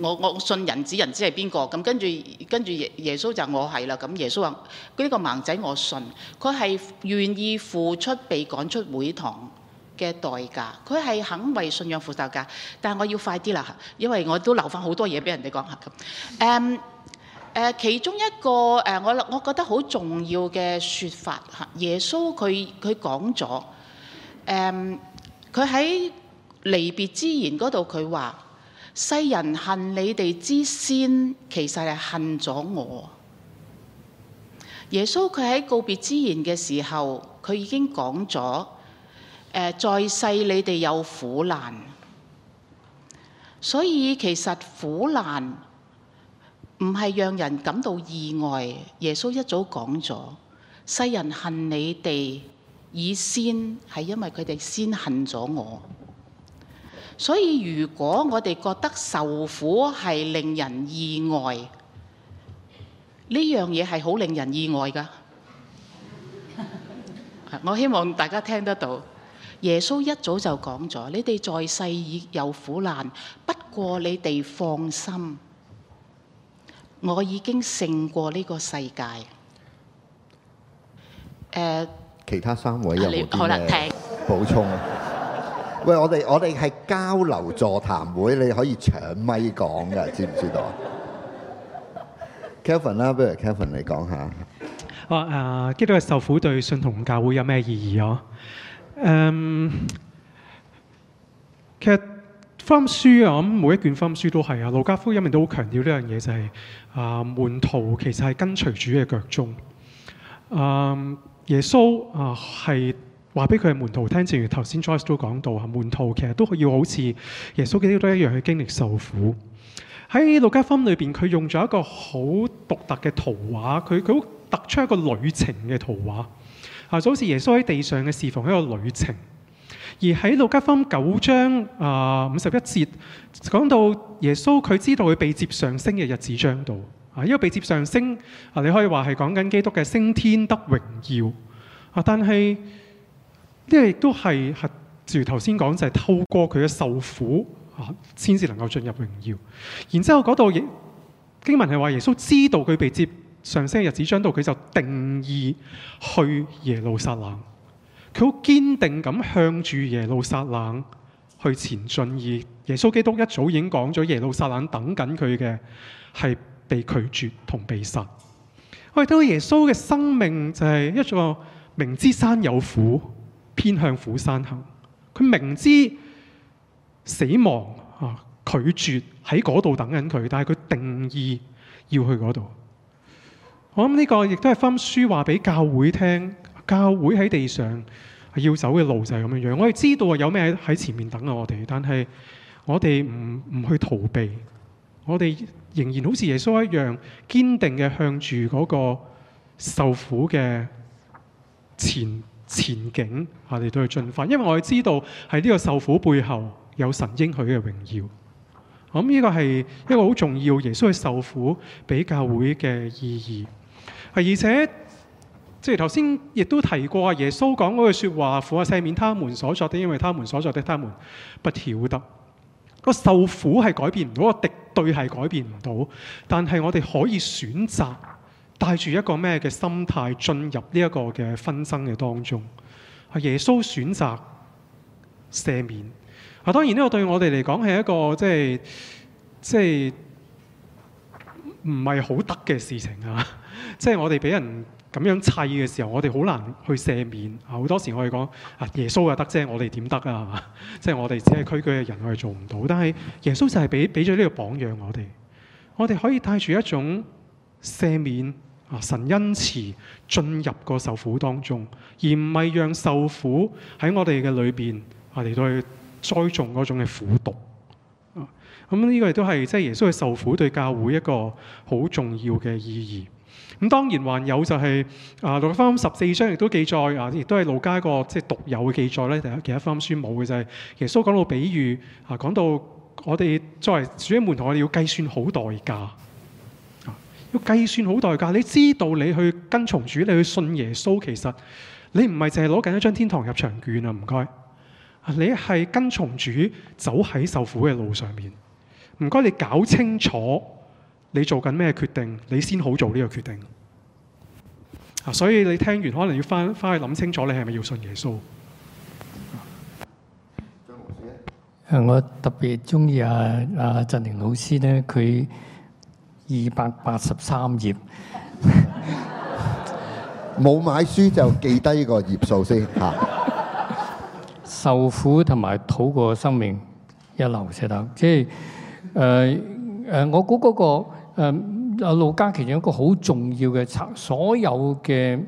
我我信，人子，人子係邊個？咁跟住跟住耶穌就我係啦。咁耶穌話：呢個盲仔我信，佢係願意付出被趕出會堂嘅代價，佢係肯為信仰負責㗎，但係我要快啲啦，因為我都留翻好多嘢俾人哋講下咁誒誒。其中一個誒、呃，我我覺得好重要嘅說法嚇，耶穌佢佢講咗誒，佢、嗯、喺離別之言嗰度，佢話世人恨你哋之先，其實係恨咗我。耶穌佢喺告別之言嘅時候，佢已經講咗。在世你哋有苦難，所以其實苦難唔係讓人感到意外。耶穌一早講咗：世人恨你哋，以先係因為佢哋先恨咗我。所以如果我哋覺得受苦係令人意外，呢樣嘢係好令人意外㗎。 [laughs] 我希望大家聽得到。耶穌一早就講咗：你哋在世已有苦難，不過你哋放心，我已經勝過呢個世界。誒、uh，其他三位有冇啲咩補充？喂，我哋我哋係交流座談會，你可以搶咪講嘅，知唔知道？ [laughs] Calvin 啦，不如 Calvin 嚟講下。哇！誒，基督嘅受苦對信同教會有咩意義？嗬？誒、um,，其實福音書，書，書啊，我諗每一卷福音書都係啊，路加福音入面都好強調呢樣嘢，就係、是、啊、呃、門徒其實係跟隨主嘅腳蹤、呃、耶穌啊係話俾佢嘅門徒聽，正如頭先 Joyce 都講到吓，門徒其實都要好似耶穌基督都一樣去經歷受苦。喺路加福音裏邊，佢用咗一個好獨特嘅圖畫，佢佢突出一個旅程嘅圖畫。就好似耶穌喺地上嘅侍奉係個旅程，而喺路加福音九章啊五十一節講到耶穌佢知道佢被接上升嘅日子將到。啊，因為被接上升啊，你可以話係講緊基督嘅升天得榮耀啊，但係呢個亦都係係如頭先講就係、是、透過佢嘅受苦啊，先至能夠進入榮耀。然之後嗰度經文係話耶穌知道佢被接。上星期日子將到，佢就定意去耶路撒冷。佢好堅定咁向住耶路撒冷去前進。而耶穌基督一早已經講咗，耶路撒冷等緊佢嘅係被拒絕同被殺。我哋睇到耶穌嘅生命就係一個明知山有虎，偏向虎山行。佢明知死亡啊，拒絕喺嗰度等緊佢，但係佢定意要去嗰度。我諗呢個亦都係分書話俾教會聽，教會喺地上要走嘅路就係咁樣樣。我哋知道啊有咩喺前面等我哋，但係我哋唔唔去逃避，我哋仍然好似耶穌一樣堅定嘅向住嗰個受苦嘅前前景，我哋都去進發。因為我哋知道喺呢個受苦背後有神應許嘅榮耀。咁呢個係一個好重要，耶穌嘅受苦俾教會嘅意義。而且，即係頭先亦都提過，耶穌講嗰句說話：，苦啊，赦免他們所作的，因為他們所作的，他們不曉得。個受苦係改變唔到，個敵對係改變唔到。但係我哋可以選擇帶住一個咩嘅心態進入呢一個嘅紛爭嘅當中。耶穌選擇赦免。啊，當然呢個對我哋嚟講係一個即係即係唔係好得嘅事情啊。即係我哋俾人咁樣砌嘅時候，我哋好難去赦免。好多時我哋講耶穌又得啫，我哋點得啊？即係我哋只係區區嘅人，我哋做唔到。但係耶穌就係俾俾咗呢個榜樣我哋，我哋可以帶住一種赦免啊、神恩慈進入個受苦當中，而唔係讓受苦喺我哋嘅裏邊，我哋都去栽種嗰種嘅苦毒。咁，嗯，呢個亦都係即係耶穌嘅受苦對教會一個好重要嘅意義。咁當然還有就係、是、啊，路加福音十四章亦都記載啊，亦都係路街路加一個即係獨有嘅記載咧，就係其他福音書冇嘅就係耶穌講到比喻啊，講到我哋作為主的門徒，我哋要計算好代價啊，要計算好代價。你知道你去跟從主，你去信耶穌，其實你唔係淨係攞緊一張天堂入場券啊！唔該，你係跟從主走喺受苦嘅路上面。唔該，你搞清楚。你做緊咩決定？你先好做呢個決定。啊，所以你聽完可能要翻翻去諗清楚，你係咪要信耶穌？張老師，誒，我特別中意阿阿振陵老師咧，佢二百八十三頁，冇買書就記低個頁數先。吓，受苦同埋討過生命，一流寫得，即係誒誒，我估嗰個。誒，阿路加其中一個好重要嘅策，所有嘅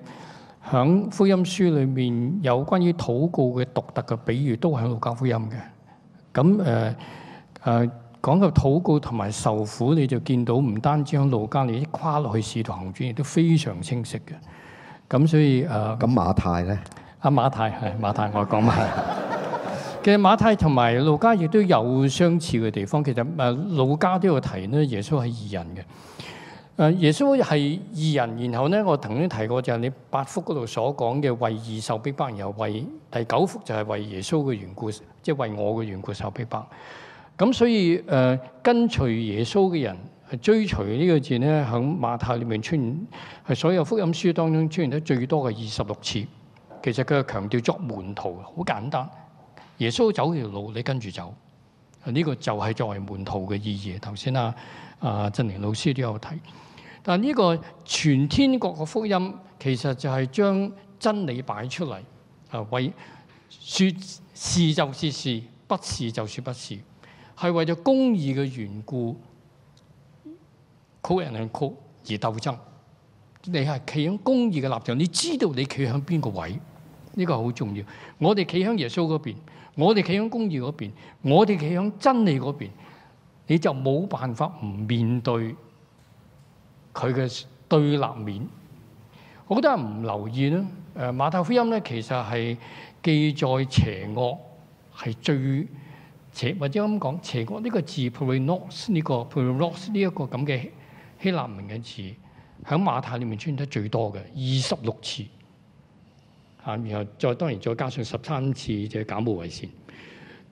響福音書裏面有關於禱告嘅獨特嘅比喻，都係喺路加福音嘅。咁誒誒講到禱告同埋受苦，你就見到唔單止喺路加，你一跨落去使徒行傳亦都非常清晰嘅。咁所以誒，咁、呃、馬太咧？阿、啊、馬太係馬太，我講埋。 [laughs] 其實馬太同埋路加亦都有相似嘅地方。其實誒路加都有提呢，耶穌係義人嘅。誒耶穌係義人，然後咧我頭先提過就係你八福嗰度所講嘅為義受逼迫，然後為第九福就係為耶穌嘅緣故，即係為我嘅緣故受逼迫。咁所以誒跟隨耶穌嘅人，係追隨呢個字咧，喺馬太裏面出現係所有福音書當中出現得最多嘅二十六次。其實佢係強調作門徒，好簡單。耶穌走條路，你跟住走，呢個就係作為門徒嘅意義。頭先啊，阿振陵老師都有提，但呢個全天國嘅福音，其實就係將真理擺出嚟，啊為說是就是是，不是就說不是，係為咗公義嘅緣故，曲人向曲而鬥爭。你係企響公義嘅立場，你知道你企響邊個位，呢個好重要。我哋企響耶穌嗰邊。我哋企喺公義嗰邊，我哋企喺真理嗰邊，你就冇辦法唔面對佢嘅對立面。好多人都唔留意啦。誒馬太福音咧，其實係記載邪惡係最邪，或者咁講，邪惡呢個字 pernoss 呢個 pernoss 呢一個咁嘅希臘文嘅字，喺馬太裡面出現得最多嘅二十六次。嚇，然後再當然再加上十三次嘅假冒為善，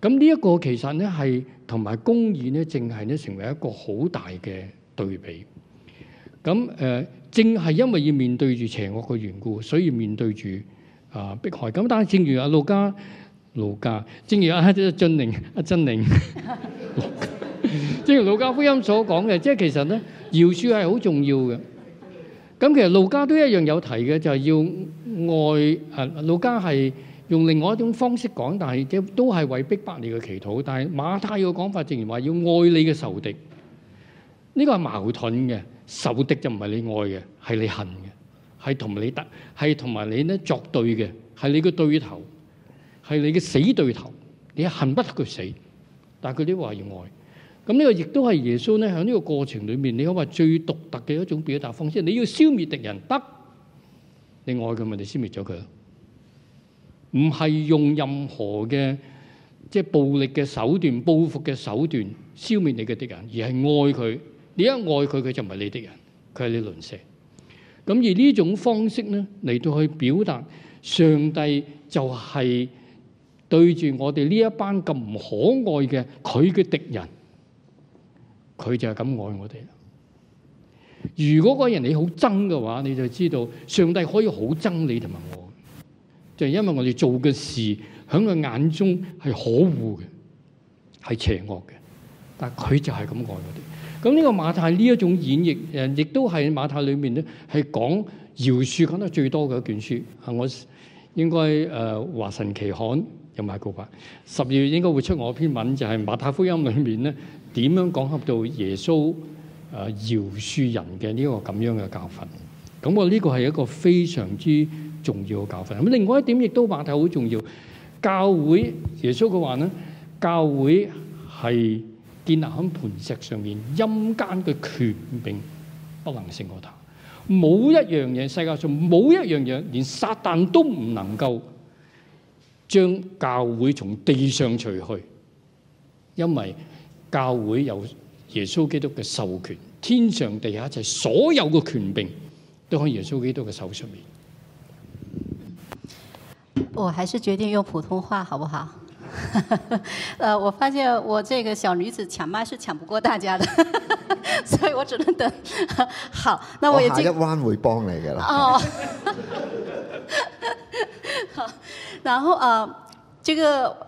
咁呢一個其實咧係同埋公義咧，正係咧成為一個好大嘅對比。咁誒、呃，正係因為要面對住邪惡嘅緣故，所以面對住啊迫害。咁但係正如阿路加、路加，正如阿振陵、阿振陵， [laughs] [laughs] 正如路加福音所講嘅，即係其實咧饒恕係好重要嘅。咁其實路加都一樣有提嘅，就係、是、要。愛誒，路加係用另外一種方式講，但係即都係為逼迫你嘅祈禱。但係馬太嘅講法，正如話要愛你嘅仇敵，呢個係矛盾嘅。仇敵就唔係你愛嘅，係你恨嘅，係同你敵，係同埋你咧作對嘅，係你嘅對頭，係你嘅死對頭。你恨不得佢死，但係佢都話要愛。咁呢個亦都係耶穌咧喺呢個過程裡面，你可以話最獨特嘅一種表達方式。你要消滅敵人得。你愛佢，咪你消滅咗佢咯？唔係用任何嘅即係暴力嘅手段，報復嘅手段消滅你嘅敵人，而係愛佢。你一愛佢，佢就唔係你敵人，佢係你鄰舍。咁而呢種方式咧，嚟到去表達上帝就係對住我哋呢一班咁唔可愛嘅佢嘅敵人，佢就係咁愛我哋啦。如果嗰人你好憎嘅話，你就知道上帝可以好憎你同埋我，就係，因為我哋做嘅事喺佢眼中係可惡嘅，係邪惡嘅，但佢就係咁愛我哋。咁呢個馬太呢一種演繹，誒，亦都係馬太裏面咧係講饒恕講得最多嘅一卷書。我應該誒《華、呃、神奇刊》有買過吧？十月應該會出我的篇文，就係，是《馬太福音》裏面咧點樣講到耶穌。誒，饒恕人嘅呢個咁樣嘅教訓，咁我呢個係一個非常之重要嘅教訓。咁另外一點亦都話題好重要，教會耶穌佢話呢，教會係建立喺磐石上面，陰間嘅權柄不能勝過他，冇一樣嘢世界上冇一樣嘢，連撒但都唔能夠將教會從地上除去，因為教會有。耶穌基督嘅授權，天上地下一切所有嘅權柄，都喺耶穌基督嘅手上面。我還是決定用普通話，好不好？呃、 [laughs] uh,，我發現我這個小女子搶麥是搶不過大家的， [laughs] 所以我只能等。 [laughs] 好，那我也、這個。下一彎會幫你嘅啦。哦。 [laughs] [laughs] 好，然後啊，uh, 這個。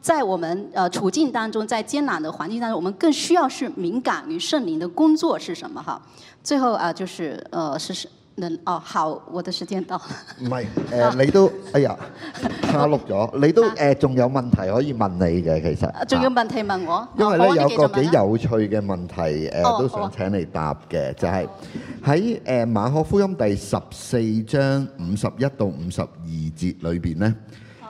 在我們呃處境當中，在艱難的環境當中，我們更需要是敏感與聖靈的工作是什麼？哈，最後啊，就是呃，是是，哦，好，我的時間到了。唔係，誒、 [laughs] 呃，你都哎呀，卡錄咗，你都誒，仲、 [laughs] 呃、有問題可以問你嘅其實。仲有問題問我。啊、因為咧有個幾有趣嘅問題誒、呃，都想請你答嘅，就係喺誒《馬可福音》第十四章五十一到五十二節裏邊咧。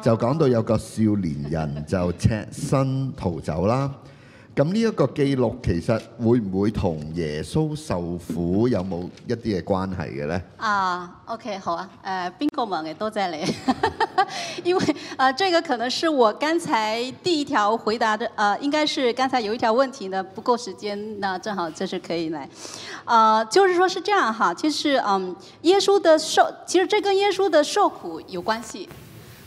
就講到有個少年人就赤身逃走啦。咁呢一個記錄其實會唔會同耶穌受苦有冇一啲嘅關係嘅咧？啊、uh,，OK，好啊。誒，邊個問嘅？多謝你。因為誒，uh, 這個可能是我剛才第一條回答的，誒、uh,，應該是剛才有一條問題呢，不夠時間，那正好這是可以嚟。啊、uh,，就是說是這樣哈，其、就是嗯，um, 耶穌的受，其實這跟耶穌的受苦有關係。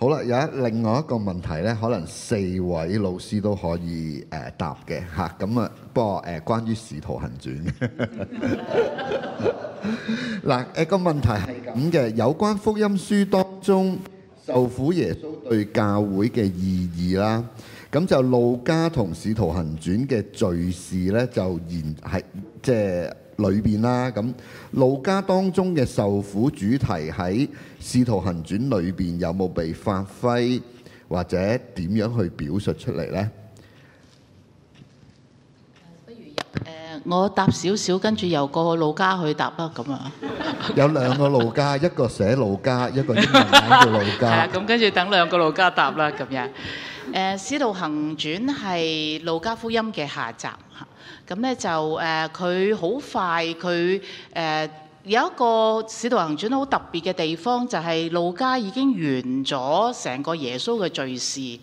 好啦，有一另外一個問題呢，可能四位老師都可以誒、呃、答嘅嚇，咁啊不過誒、呃，關於《使徒行傳》嗱 [laughs] 誒、 [laughs] 呃、個問題係咁嘅，有關福音書當中受苦耶穌對教會嘅意義啦，咁就路加同《使徒行傳》嘅敘事呢，就然係即係。裏邊啦，咁路加當中嘅受苦主題喺《使徒行傳》裏邊有冇被發揮，或者點樣去表述出嚟呢？不如誒，我答少少，跟住由個路加去答啦，咁啊。有兩個路加，一個寫路加，一個英文版叫路加。係啊，咁跟住等兩個路加答啦，咁樣。誒，《使徒行傳》係《路加福音》嘅下集。咁咧就誒，佢、呃、好快佢誒、呃、有一個《使徒行傳》好特別嘅地方，就係、是、路加已經完咗成個耶穌嘅敘事，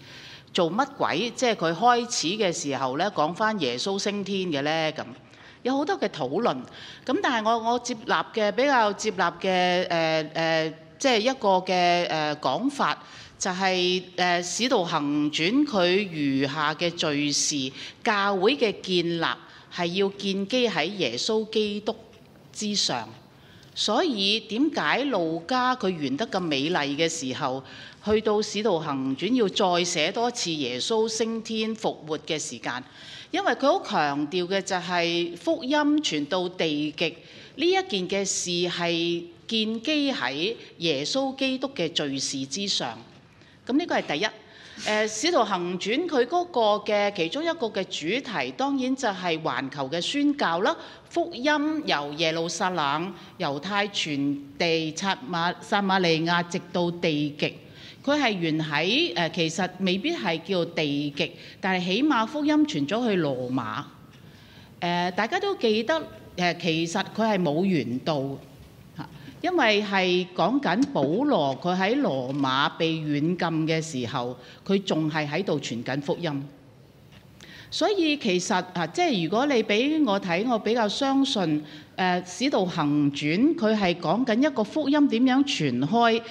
做乜鬼？即係佢開始嘅時候咧，講返耶穌升天嘅咧，咁有好多嘅討論。咁但係我我接納嘅比較接納嘅誒誒，即、呃、係、呃就是、一個嘅誒講法。就係誒《使徒行傳》佢餘下嘅敘事，教會嘅建立係要建基喺耶穌基督之上。所以點解路加佢圓得咁美麗嘅時候，去到《使徒行傳》要再寫多次耶穌升天復活嘅時間？因為佢好強調嘅就係福音傳到地極呢一件嘅事係建基喺耶穌基督嘅敘事之上。咁、這、呢個係第一，誒《使徒行傳》佢嗰個嘅其中一個嘅主題，當然就係環球嘅宣教啦。福音由耶路撒冷、猶太全地、撒馬撒馬利亞，直到地極。佢係原喺誒，其實未必係叫地極，但係起碼福音傳咗去羅馬。誒、呃，大家都記得誒，其實佢係冇原道。因為係講緊保羅佢喺羅馬被軟禁嘅時候，佢仲係喺度傳緊福音。所以其實啊，即係如果你俾我睇，我比較相信誒《使徒行傳》，佢係講緊一個福音點樣傳開。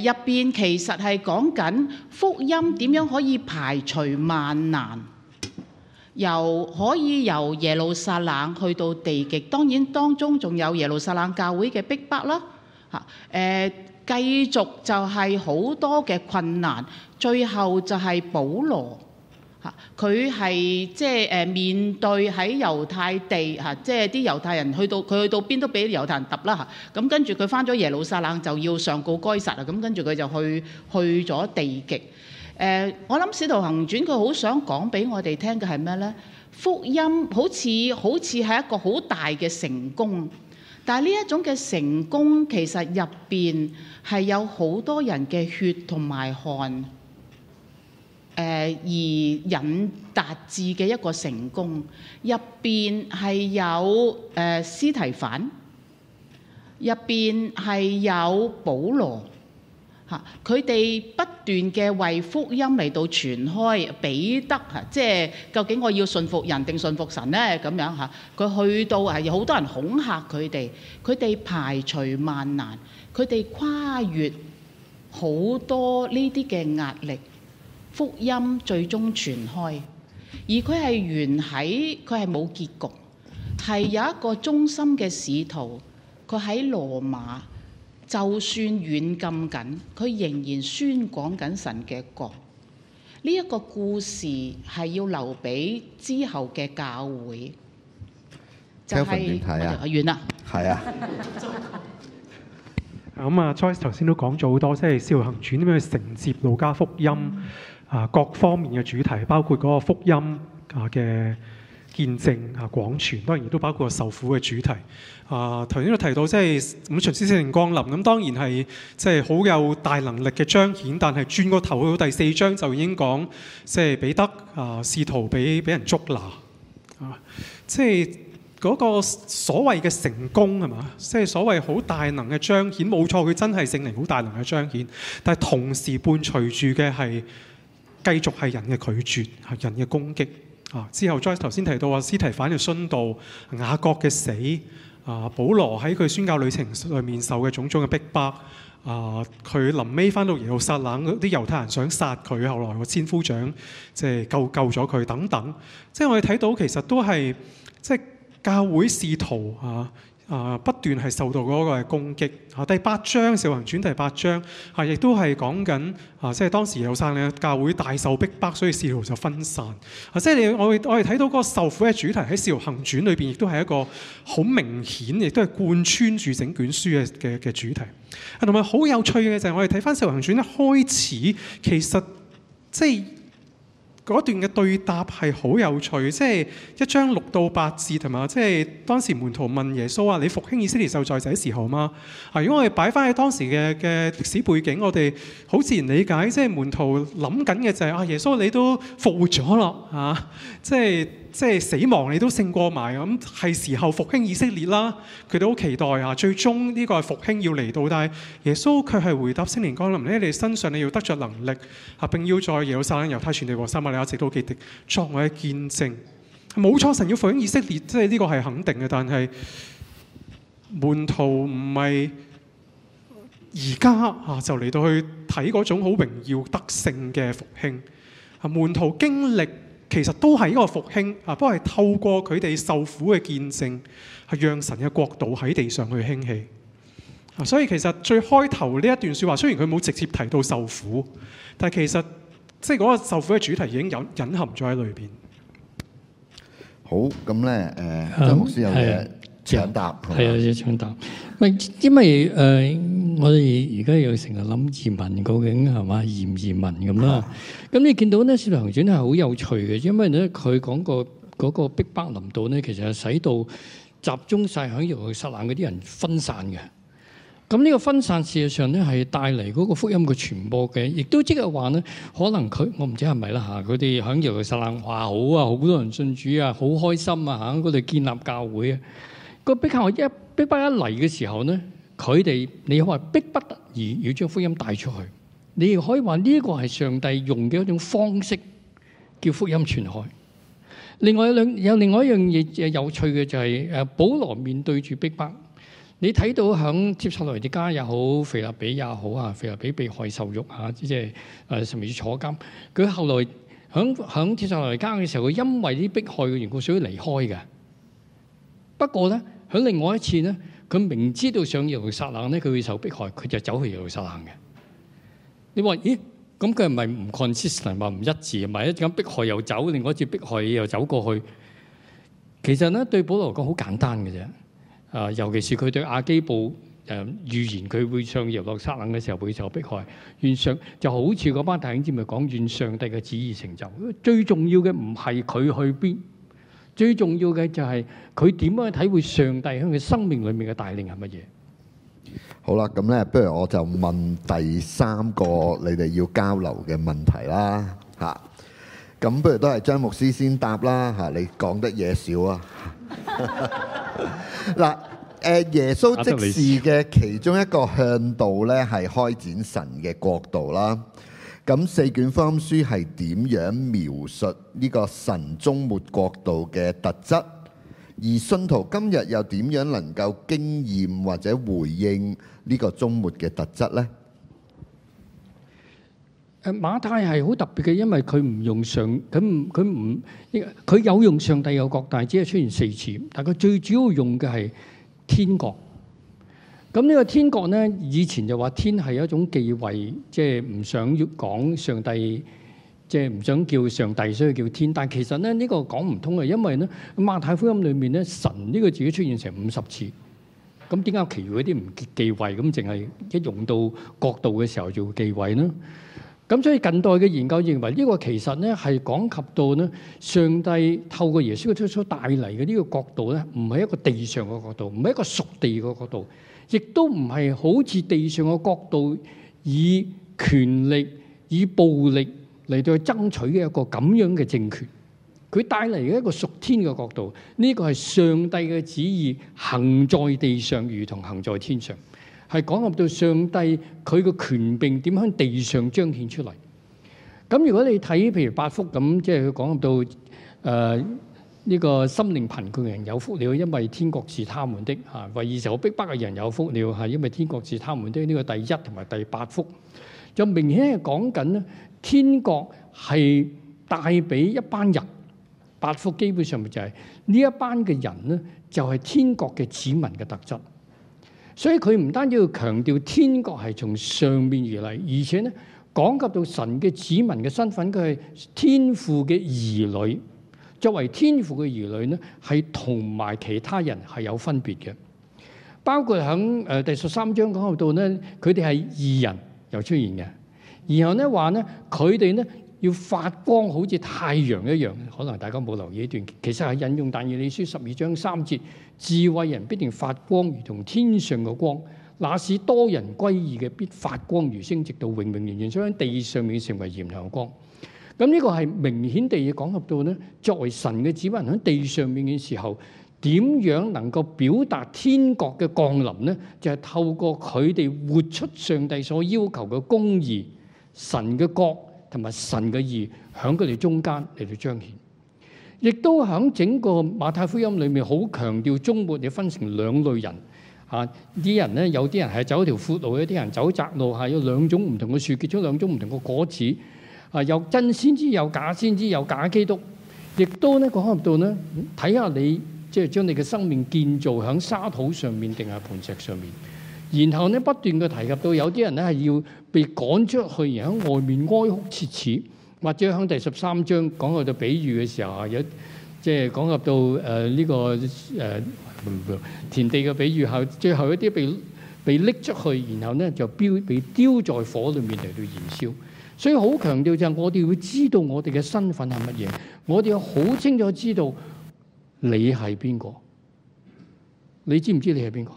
誒入面其實係講緊福音點樣可以排除萬難。由可以由耶路撒冷去到地極，當然當中仲有耶路撒冷教會嘅逼迫啦。嚇、啊，誒、呃、繼續就係好多嘅困難，最後就係保羅。嚇、啊，佢係即係誒面對喺猶太地嚇，即係啲猶太人去到佢去到邊都俾猶太人揼啦嚇。咁、啊啊、跟住佢返咗耶路撒冷就要上告該撒啦。咁、啊、跟住佢就去去咗地極。誒、呃，我諗《使徒行傳》佢好想講俾我哋聽嘅係咩咧？福音好似好似係一個好大嘅成功，但係呢一種嘅成功其實入邊係有好多人嘅血同埋汗，誒、呃、而引達至嘅一個成功，入邊係有誒、呃、司提反，入邊係有保羅。嚇！佢哋不斷嘅為福音嚟到傳開，彼得嚇，即係究竟我要信服人定信服神咧？咁樣嚇，佢去到啊有好多人恐嚇佢哋，佢哋排除萬難，佢哋跨越好多呢啲嘅壓力，福音最終傳開，而佢係原喺佢係冇結局，係有一個忠心嘅使徒，佢喺羅馬。就算軟禁緊，佢仍然宣講緊神嘅國。呢、這、一個故事係要留俾之後嘅教會，就係完啦。係、就是、啊。咁啊，Joyce 頭先都講咗好多，即係《少行傳》點樣去承接路加福音啊，各方面嘅主題，包括嗰個福音啊嘅。見證啊，廣傳當然亦都包括受苦嘅主題。啊、呃，頭先都提到，即係五旬節聖靈降臨，咁當然係即係好有大能力嘅彰顯。但係轉個頭，去到第四章就已經講，即係彼得啊試圖俾俾人捉拿啊，即係嗰、那個所謂嘅成功係嘛？即係所謂好大能嘅彰顯，冇錯，佢真係聖靈好大能嘅彰顯。但係同時伴隨住嘅係繼續係人嘅拒絕，係人嘅攻擊。啊！之後再頭先提到話，司提反嘅殉道、雅各嘅死、啊，保羅喺佢宣教旅程裏面受嘅種種嘅逼迫，迫，啊，佢臨尾翻到耶路撒冷啲猶太人想殺佢，後來個千夫長即係、就是、救救咗佢等等，即係我哋睇到其實都係即係教會使徒啊，啊！不斷係受到嗰個攻擊。啊，第八章《使徒行傳》第八章，啊，亦、啊、都係講緊啊，即係當時有生咧，教會大受逼迫，所以信徒就分散。啊，即係我們我我哋睇到嗰個受苦嘅主題喺《使徒行傳》裏邊，亦都係一個好明顯，亦都係貫穿住整卷書嘅嘅嘅主題。啊，同埋好有趣嘅就係我哋睇翻《使徒行傳》一開始其實即係。嗰段嘅對答係好有趣，即係一張六到八字同埋，即係當時門徒問耶穌啊，你復興以色列就在這時候嗎？如果我哋擺翻喺當時嘅嘅歷史背景，我哋好自然理解，即係門徒諗緊嘅就係啊，耶穌你都復活咗啦即係。啊就是即係死亡，你都勝過埋咁，係時候復興以色列啦。佢都好期待啊！最終呢個係復興要嚟到，但係耶穌佢係回答聖靈降臨呢，你身上你要得着能力啊，並要在耶路撒冷、猶太全地和撒瑪利亞直到地極作我的見證。冇錯，神要復興以色列，即係呢個係肯定嘅。但係門徒唔係而家啊，就嚟到去睇嗰種好榮耀得勝嘅復興啊。門徒經歷。其實都係一個復興啊，不過係透過佢哋受苦嘅見證，係讓神嘅國度喺地上去興起。所以其實最開頭呢一段説話，雖然佢冇直接提到受苦，但係其實即係嗰個受苦嘅主題已經隱隱含咗喺裏邊。好，咁咧誒，呃嗯搶答，係啊，要搶答。咪因為誒、呃，我哋而家又成日諗移民，究竟係嘛？移唔移民咁啦？咁你見到呢，《小強傳》係好有趣嘅，因為咧佢講個嗰個逼迫臨到咧，其實係使到集中晒響耶路撒冷嗰啲人分散嘅。咁呢個分散事實上咧係帶嚟嗰個福音嘅傳播嘅，亦都即係話咧，可能佢我唔知係咪啦嚇。佢哋響耶路撒冷話好啊，好多人信主啊，好開心啊，喺嗰度建立教會啊。個迫害一，迫害一嚟嘅時候咧，佢哋你可以話迫不得已要將福音帶出去。你亦可以話呢個係上帝用嘅一種方式，叫福音傳開。另外有兩有另外一樣嘢有趣嘅就係、是、誒保羅面對住逼迫，你睇到響帖撒羅尼迦也好，腓立比也好啊，腓立比被害受辱啊，即係誒甚至坐監。佢後來響響帖撒羅尼迦嘅時候，佢因為啲迫害嘅緣故，所以離開㗎。不過咧。喺另外一次咧，佢明知道上耶路撒冷咧，佢會受迫害，佢就走去耶路撒冷嘅。你話咦？咁佢係咪唔 consistent，話唔一致？唔係一咁迫害又走，另外一次迫害又走過去。其實咧，對保羅講好簡單嘅啫。啊，尤其是佢對亞基布誒、啊、預言，佢會上耶路撒冷嘅時候會受迫害，願上就好似嗰班弟兄姊妹咪講，願上帝嘅旨意成就。最重要嘅唔係佢去邊。最重要嘅就係佢點樣去體會上帝喺佢生命裏面嘅帶領係乜嘢？好啦，咁咧，不如我就問第三個你哋要交流嘅問題啦，嚇！咁不如都係張牧師先答啦，嚇！你講得嘢少啊？嗱，誒耶穌即時嘅其中一個向導咧，係開展神嘅國度啦。咁四卷福音書係點樣描述呢個神終末國度嘅特質？而信徒今日又點樣能夠經驗或者回應呢個終末嘅特質咧？誒馬太係好特別嘅，因為佢唔用上，咁佢唔佢有用上帝有國，但係只係出現四次。但係佢最主要用嘅係天國。咁呢個天國咧，以前就話天係一種忌諱，即係唔想講上帝，即係唔想叫上帝，所以叫天。但其實咧，呢、這個講唔通，係因為咧《馬太福音》裏面咧，神呢個字出現成五十次，咁點解其他嗰啲唔忌忌諱咁，淨係一用到國度嘅時候就會忌諱呢？咁所以近代嘅研究認為，呢、這個其實咧係講及到呢，上帝透過耶穌出出帶嚟嘅呢個國度咧，唔係一個地上嘅國度，唔係一個屬地嘅國度。亦都唔係好似地上嘅角度，以權力、以暴力嚟到去爭取嘅一個咁樣嘅政權，佢帶嚟嘅一個屬天嘅角度，呢個係上帝嘅旨意，行在地上如同行在天上，係講入到上帝佢嘅權柄點喺地上彰顯出嚟。咁如果你睇譬如八福咁，即係佢講入到誒。呃呢個心靈貧窮嘅人有福了，因為天國是他們的。嚇，為義受逼迫嘅人有福了，係因為天國是他們的。呢個第一同埋第八福，就明顯係講緊咧，天國係帶俾一班人。八福基本上咪就係、是、呢一班嘅人咧，就係天國嘅子民嘅特質。所以佢唔單止要強調天國係從上面而嚟，而且咧講及到神嘅子民嘅身份，佢係天父嘅兒女。作為天父嘅兒女咧，係同埋其他人係有分別嘅，包括喺誒，第十三章講到咧，佢哋係異人又出現嘅，然後咧話咧，佢哋咧要發光，好似太陽一樣。可能大家冇留意呢段，其實係引用《但以理書》十二章三節：智慧人必定發光，如同天上嘅光；那使多人歸義嘅，必發光如星，直到永永遠遠，將地上面成為鹽和光。咁呢個係明顯地要講入到咧，作為神嘅子民喺地上面嘅時候，點樣能夠表達天國嘅降臨咧？就係、是、透過佢哋活出上帝所要求嘅公義、神嘅國同埋神嘅義，喺佢哋中間嚟到彰顯。亦都喺整個馬太福音裏面好強調，終末你分成兩類人嚇，啲、啊、人咧，有啲人係走一條闊路，有啲人走窄路，係、啊、有兩種唔同嘅樹結出兩種唔同嘅果子。啊！有真先知，有假先知，有假基督，亦都咧講入到咧睇下你，即係將你嘅生命建造喺沙土上面定係磐石上面，然後咧不斷嘅提及到有啲人咧係要被趕出去，而喺外面哀哭切齒，或者喺第十三章講到嘅比喻嘅時候啊，有即係講入到誒、這、呢個誒田地嘅比喻後，最後一啲被被拎出去，然後咧就標被丟在火裏面嚟到燃燒。所以好強調就係我哋會知道我哋嘅身份係乜嘢，我哋要好清楚知道你係邊個。你知唔知你係邊個？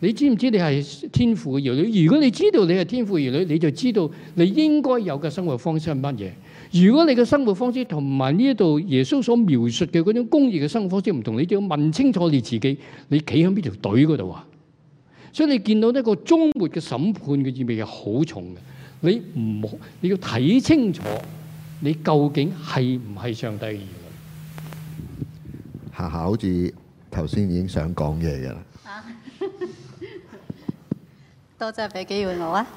你知唔知你係天父嘅兒女？如果你知道你係天父兒女，你就知道你應該有嘅生活方式係乜嘢。如果你嘅生活方式同埋呢一度耶穌所描述嘅嗰種公義嘅生活方式唔同，你就要問清楚你自己，你企喺邊條隊嗰度啊？所以你見到呢個終末嘅審判嘅意味係好重嘅。你唔好，你要睇清楚，你究竟係唔係上帝嘅兒女？下下好似頭先已經想講嘢嘅啦，啊、 [laughs] 多謝俾機會我啊！ [laughs]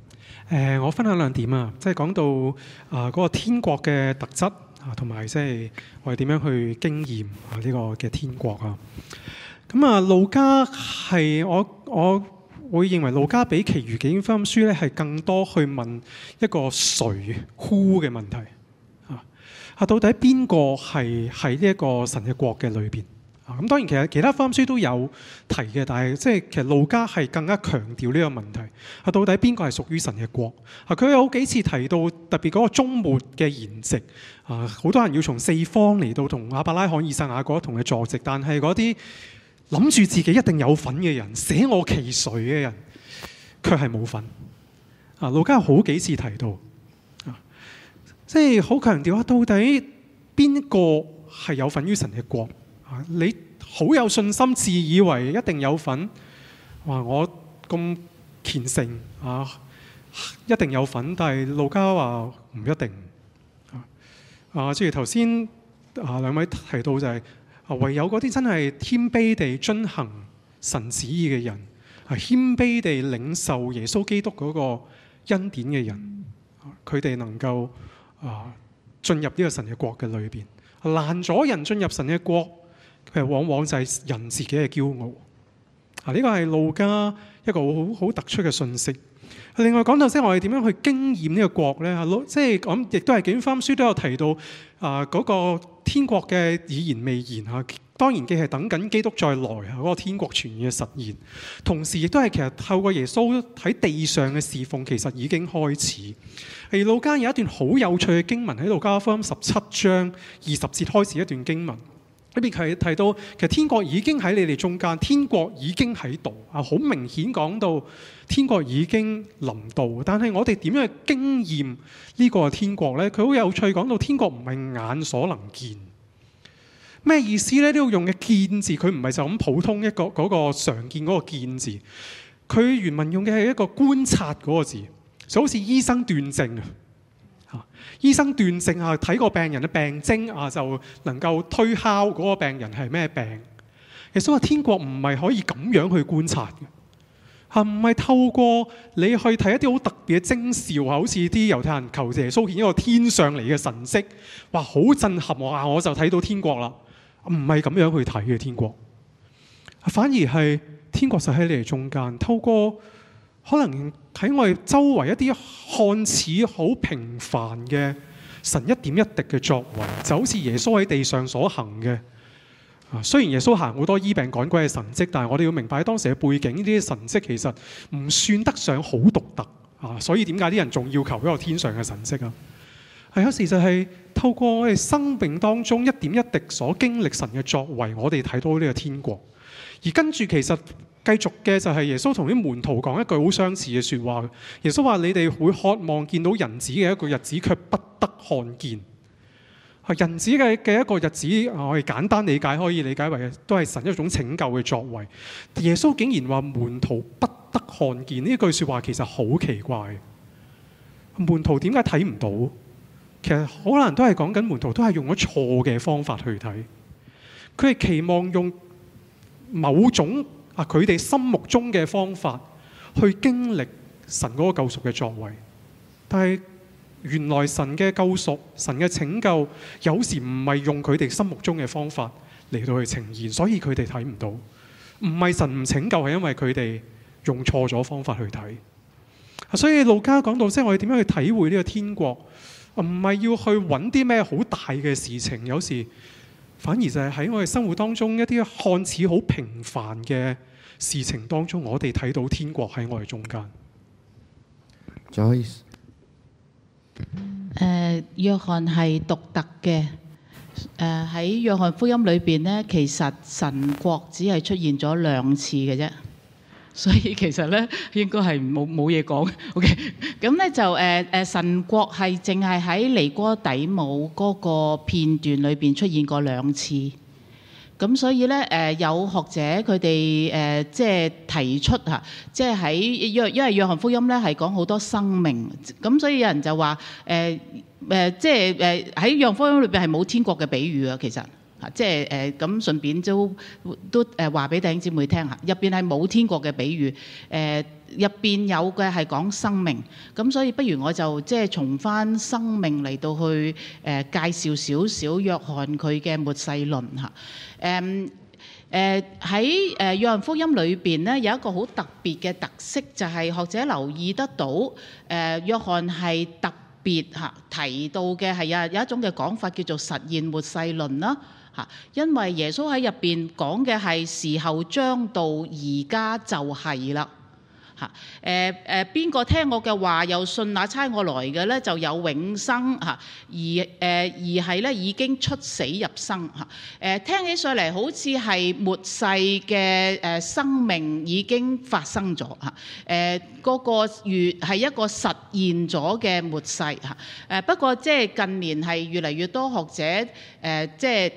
呃、我分享兩點啊，即係講到啊嗰、呃那個天國嘅特質啊，同埋即係我哋點樣去經驗啊呢、這個嘅天國啊。咁啊，路加係我我會認為路加比《其餘幾經福音書》咧係更多去問一個誰 Who 嘅問題啊啊，到底邊個係喺呢一個神嘅國嘅裏面。咁當然，其實其他福音書都有提嘅，但係即係其實路加係更加強調呢個問題係到底邊個係屬於神嘅國。佢有幾次提到特別嗰個終末嘅筵席啊，好多人要從四方嚟到同亞伯拉罕、以撒、雅各同佢坐席，但係嗰啲諗住自己一定有份嘅人，捨我其誰嘅人，卻係冇份啊。路加有好幾次提到啊，即係好強調啊，到底邊個係有份於神嘅國？你好有信心，自以為一定有份。話我咁虔誠啊，一定有份。但係路加話唔一定。啊，即係頭先啊兩位提到就係、是啊、唯有嗰啲真係謙卑地遵行神旨意嘅人，啊謙卑地領受耶穌基督嗰個恩典嘅人，佢、啊、哋能夠啊進入呢個神嘅國嘅裏邊。攔、啊、阻人進入神嘅國。佢往往就係人自己嘅驕傲，啊呢個係路加一個好好突出嘅訊息。另外講頭先，講到係我哋點樣去經驗呢個國呢？即係咁，亦都係《警方書》都有提到啊嗰個天國嘅已然未然啊。當然既係等緊基督再來啊嗰個天國全然嘅實現，同時亦都係其實透過耶穌喺地上嘅侍奉，其實已經開始。喺，啊，路加有一段好有趣嘅經文喺度，加翻十七章二十節開始一段經文。呢邊提提到，其實天國已經喺你哋中間，天國已經喺度啊！好明顯講到天國已經臨到，但係我哋點樣去經驗呢個天國呢？佢好有趣，講到天國唔係眼所能見，咩意思呢？呢度用嘅見字，佢唔係就咁普通一個嗰個常見嗰個見字，佢原文用嘅係一個觀察嗰個字，就好似醫生斷症醫生斷症啊，睇個病人嘅病徵啊，就能夠推敲嗰個病人係咩病。其實耶穌話，天國唔係可以咁樣去觀察嘅，係唔係透過你去睇一啲好特別嘅徵兆，好似啲猶太人求耶穌顯一個天上嚟嘅神蹟，哇，好震撼我啊！我就睇到天國啦，唔係咁樣去睇嘅天國，反而係天國就喺你哋中間，透過可能。喺我哋周圍一啲看似好平凡嘅神一點一滴嘅作為，就好似耶穌喺地上所行嘅。啊，雖然耶穌行好多醫病趕鬼嘅神蹟，但係我哋要明白喺當時嘅背景，呢啲神蹟其實唔算得上好獨特啊。所以點解啲人仲要求一個天上嘅神蹟啊？係有時就係透過我哋生命當中一點一滴所經歷神嘅作為，我哋睇到呢個天國。而跟住其實。繼續嘅就係耶穌同啲門徒講一句好相似嘅說話。耶穌話：你哋會渴望見到人子嘅一個日子，卻不得看見。人子嘅嘅一個日子，我哋簡單理解可以理解為都係神一種拯救嘅作為。耶穌竟然話門徒不得看見呢句說話，其實好奇怪。門徒點解睇唔到？其實好難都係講緊門徒都係用咗錯嘅方法去睇。佢係期望用某種。啊！佢哋心目中嘅方法去經歷神嗰個救贖嘅作為，但係原來神嘅救贖、神嘅拯救，有時唔係用佢哋心目中嘅方法嚟到去呈現，所以佢哋睇唔到。唔係神唔拯救，係因為佢哋用錯咗方法去睇。所以路加講到即係我哋點樣去體會呢個天國，唔係要去揾啲咩好大嘅事情，有時。反而就係喺我哋生活當中一啲看似好平凡嘅事情當中，我哋睇到天國喺我哋中間。Joyce，誒、uh，約翰係獨特嘅。誒、uh，喺約翰福音裏邊呢，其實神國只係出現咗兩次嘅啫。所以其實咧應該係冇冇嘢講，OK。咁咧就誒誒、呃、神國係淨係喺尼哥底母嗰個片段裏邊出現過兩次。咁所以咧誒、呃、有學者佢哋誒即係提出嚇、啊，即係喺約因為約翰福音咧係講好多生命，咁、嗯、所以有人就話誒誒即係誒喺約翰福音裏邊係冇天國嘅比喻啊，其實。即係誒咁，順便都都誒話俾弟兄姊妹聽下，入邊係冇天國嘅比喻，誒入邊有嘅係講生命，咁、呃、所以不如我就即係重返生命嚟到去誒、呃、介紹少少約翰佢嘅末世論嚇。誒誒喺誒約翰福音裏邊咧有一個好特別嘅特色，就係、是、學者留意得到，誒、呃、約翰係特別嚇提到嘅係啊有一種嘅講法叫做實現末世論啦。嚇，因為耶穌喺入邊講嘅係時候將到，而家就係啦。嚇、呃，誒誒，邊個聽我嘅話又信，那差我來嘅咧就有永生嚇。而誒、呃、而係咧已經出死入生嚇。誒、呃、聽起上嚟好似係末世嘅誒生命已經發生咗嚇。誒、呃、嗰個月係一個實現咗嘅末世嚇。誒、呃、不過即係近年係越嚟越多學者誒即係。呃就是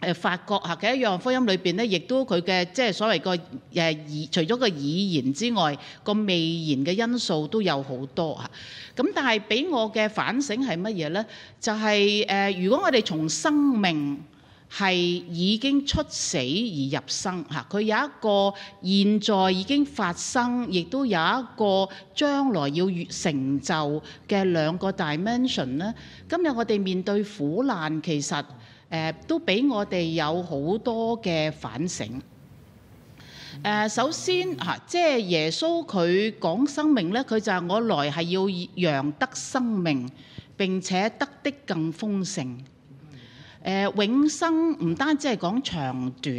誒發覺嚇嘅一樣福音裏邊咧，亦都佢嘅即係所謂個誒以除咗個語言之外，個未然嘅因素都有好多嚇。咁但係俾我嘅反省係乜嘢咧？就係、是、誒、呃，如果我哋從生命係已經出死而入生嚇，佢有一個現在已經發生，亦都有一個將來要成就嘅兩個 dimension 咧。今日我哋面對苦難，其實呃、都俾我哋有好多嘅反省。呃、首先嚇，即、啊、係、就是、耶穌佢講生命呢，佢就係我來係要讓得生命，並且得的更豐盛。誒、呃、永生唔單止係講長短，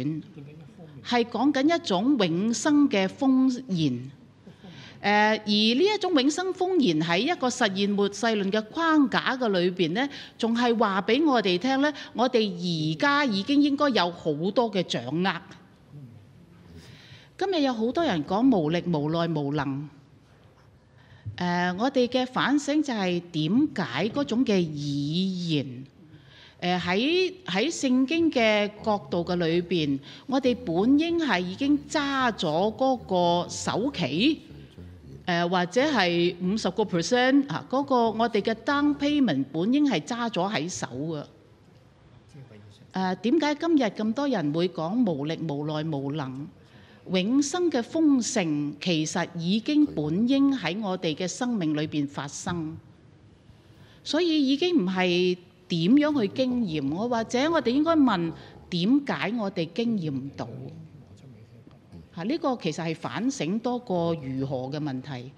係講緊一種永生嘅豐盈。誒，而呢一種永生風言喺一個實現末世論嘅框架嘅裏邊呢，仲係話俾我哋聽咧。我哋而家已經應該有好多嘅掌握。今日有好多人講無力、無奈、無能。誒、呃，我哋嘅反省就係點解嗰種嘅語言誒，喺喺聖經嘅角度嘅裏邊，我哋本應係已經揸咗嗰個首期。」誒或者係五十個 percent 嚇，嗰個我哋嘅 down payment 本應係揸咗喺手嘅。誒點解今日咁多人會講無力、無奈、無能？永生嘅豐盛其實已經本應喺我哋嘅生命裏邊發生，所以已經唔係點樣去經驗，我或者我哋應該問點解我哋經驗唔到？啊！呢個其實係反省多過如何嘅問題。誒，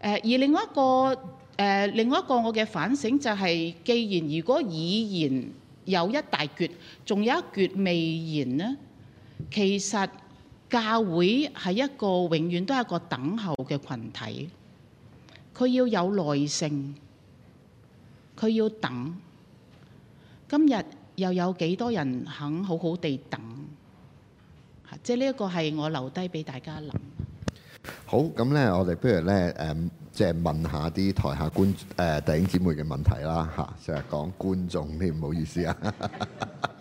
而另外一個誒，另外一個我嘅反省就係，既然如果已然有一大橛，仲有一橛未然呢？其實教會係一個永遠都係一個等候嘅羣體，佢要有耐性，佢要等。今日又有幾多人肯好好地等？即係呢一個係我留低俾大家諗。好，咁呢，我哋不如呢，誒，即係問下啲台下觀誒、呃、弟兄姊妹嘅問題啦，嚇，成日講觀眾，啲唔好意思啊。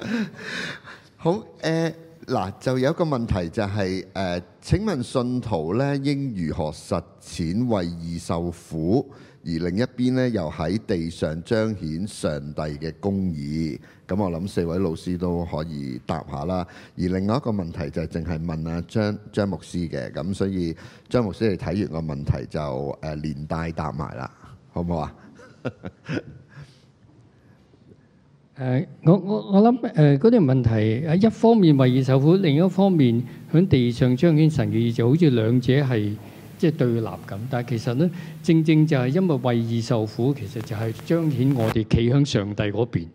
[laughs] 好，誒、呃，嗱，就有一個問題就係、是、誒、呃，請問信徒呢應如何實踐為義受苦，而另一邊呢，又喺地上彰顯上帝嘅公義？咁我諗四位老師都可以答下啦。而另外一個問題就係淨係問阿張張牧師嘅，咁所以張牧師你睇完個問題就誒連帶答埋啦，好唔好啊？誒，我我我諗誒嗰啲問題，一方面為義受苦，另一方面響地上彰顯神嘅義，就好似兩者係即係對立咁。但係其實咧，正正就係因為為義受苦，其實就係彰顯我哋企向上帝嗰邊。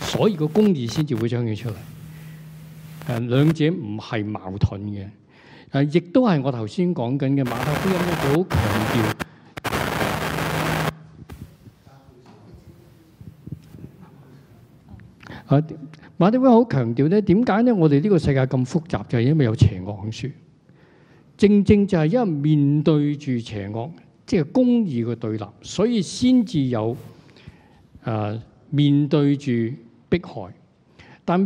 所以個公義先至會將佢出嚟，誒兩者唔係矛盾嘅，誒亦都係我頭先講緊嘅馬特威，因為好強調。我 [noise] 馬特威好強調咧，點解咧？我哋呢個世界咁複雜，就係、是、因為有邪惡嘅存在，正正就係因為面對住邪惡，即、就、係、是、公義嘅對立，所以先至有誒、呃、面對住。迫害，但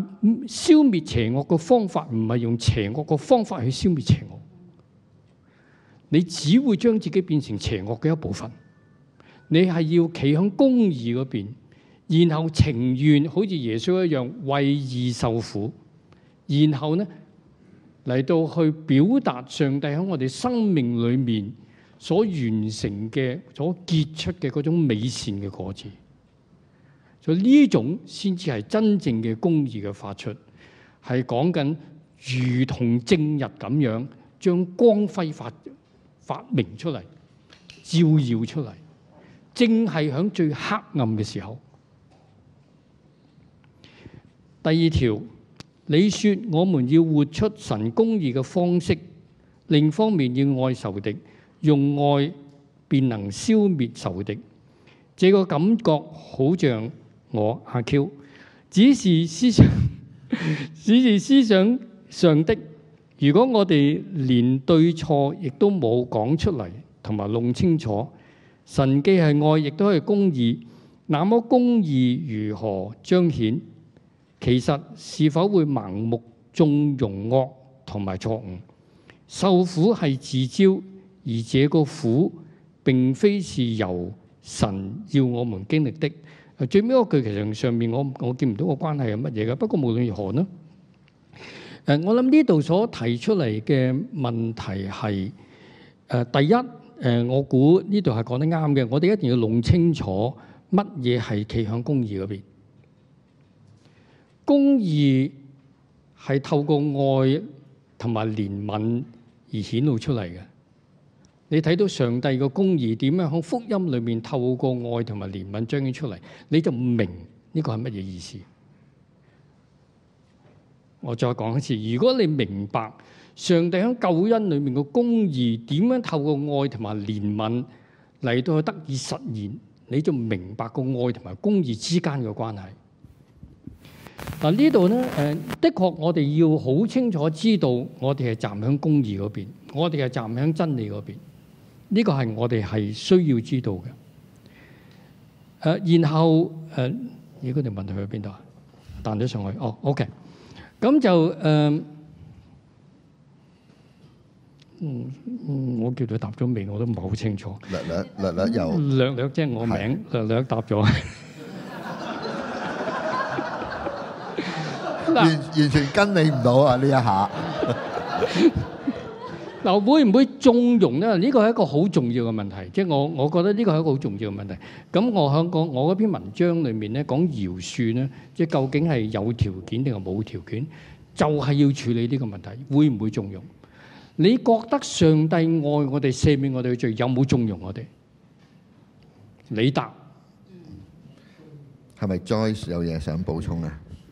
消滅邪惡嘅方法唔係用邪惡嘅方法去消滅邪惡，你只會將自己變成邪惡嘅一部分。你係要企喺公義嗰邊，然後情願好似耶穌一樣為義受苦，然後呢嚟到去表達上帝喺我哋生命裏面所完成嘅、所結出嘅嗰種美善嘅果子。所以呢種先至係真正嘅公義嘅發出，係講緊如同正日咁樣將光輝發發明出嚟，照耀出嚟，正係響最黑暗嘅時候。第二條，你說我們要活出神公義嘅方式，另一方面要愛仇敵，用愛便能消滅仇敵。這個感覺好像。我阿 Q，只是思想，只是思想上的。如果我哋連對錯亦都冇講出嚟，同埋弄清楚，神既係愛，亦都係公義，那麼公義如何彰顯？其實是否會盲目縱容惡同埋錯誤？受苦係自招，而這個苦並非是由神要我們經歷的。最尾嗰句，其實上面我我見唔到個關係係乜嘢嘅。不過無論如何咧，誒我諗呢度所提出嚟嘅問題係誒第一，誒，我估呢度係講得啱嘅，我哋一定要弄清楚乜嘢係企喺公義嗰邊，公義係透過愛同埋憐憫而顯露出嚟嘅。你睇到上帝嘅公義點樣喺福音裏面透過愛同埋憐憫彰顯出嚟，你就明呢個係乜嘢意思。我再講一次，如果你明白上帝喺救恩裏面嘅公義點樣透過愛同埋憐憫嚟到去得以實現，你就明白個愛同埋公義之間嘅關係。嗱，呢度咧，誒，的確我哋要好清楚知道我，我哋係站喺公義嗰邊，我哋係站喺真理嗰邊。呢個係我哋係需要知道嘅。誒，然後誒，而家條問題去邊度啊？彈咗上去。哦，OK。咁就誒，嗯，我叫佢答咗未，我都唔係好清楚。略略略略又。略略即係我名，略略答咗。完完全跟你唔到啊！呢一下。嗱會唔會縱容咧？呢個係一個好重要嘅問題，即係我我覺得呢個係一個好重要嘅問題。咁我想講我嗰篇文章裏面咧講饒恕咧，即係究竟係有條件定係冇條件？就係要處理呢個問題，會唔會縱容？你覺得上帝愛我哋赦免我哋嘅罪，有冇縱容我哋？你答係咪 Joy 有嘢想補充咧？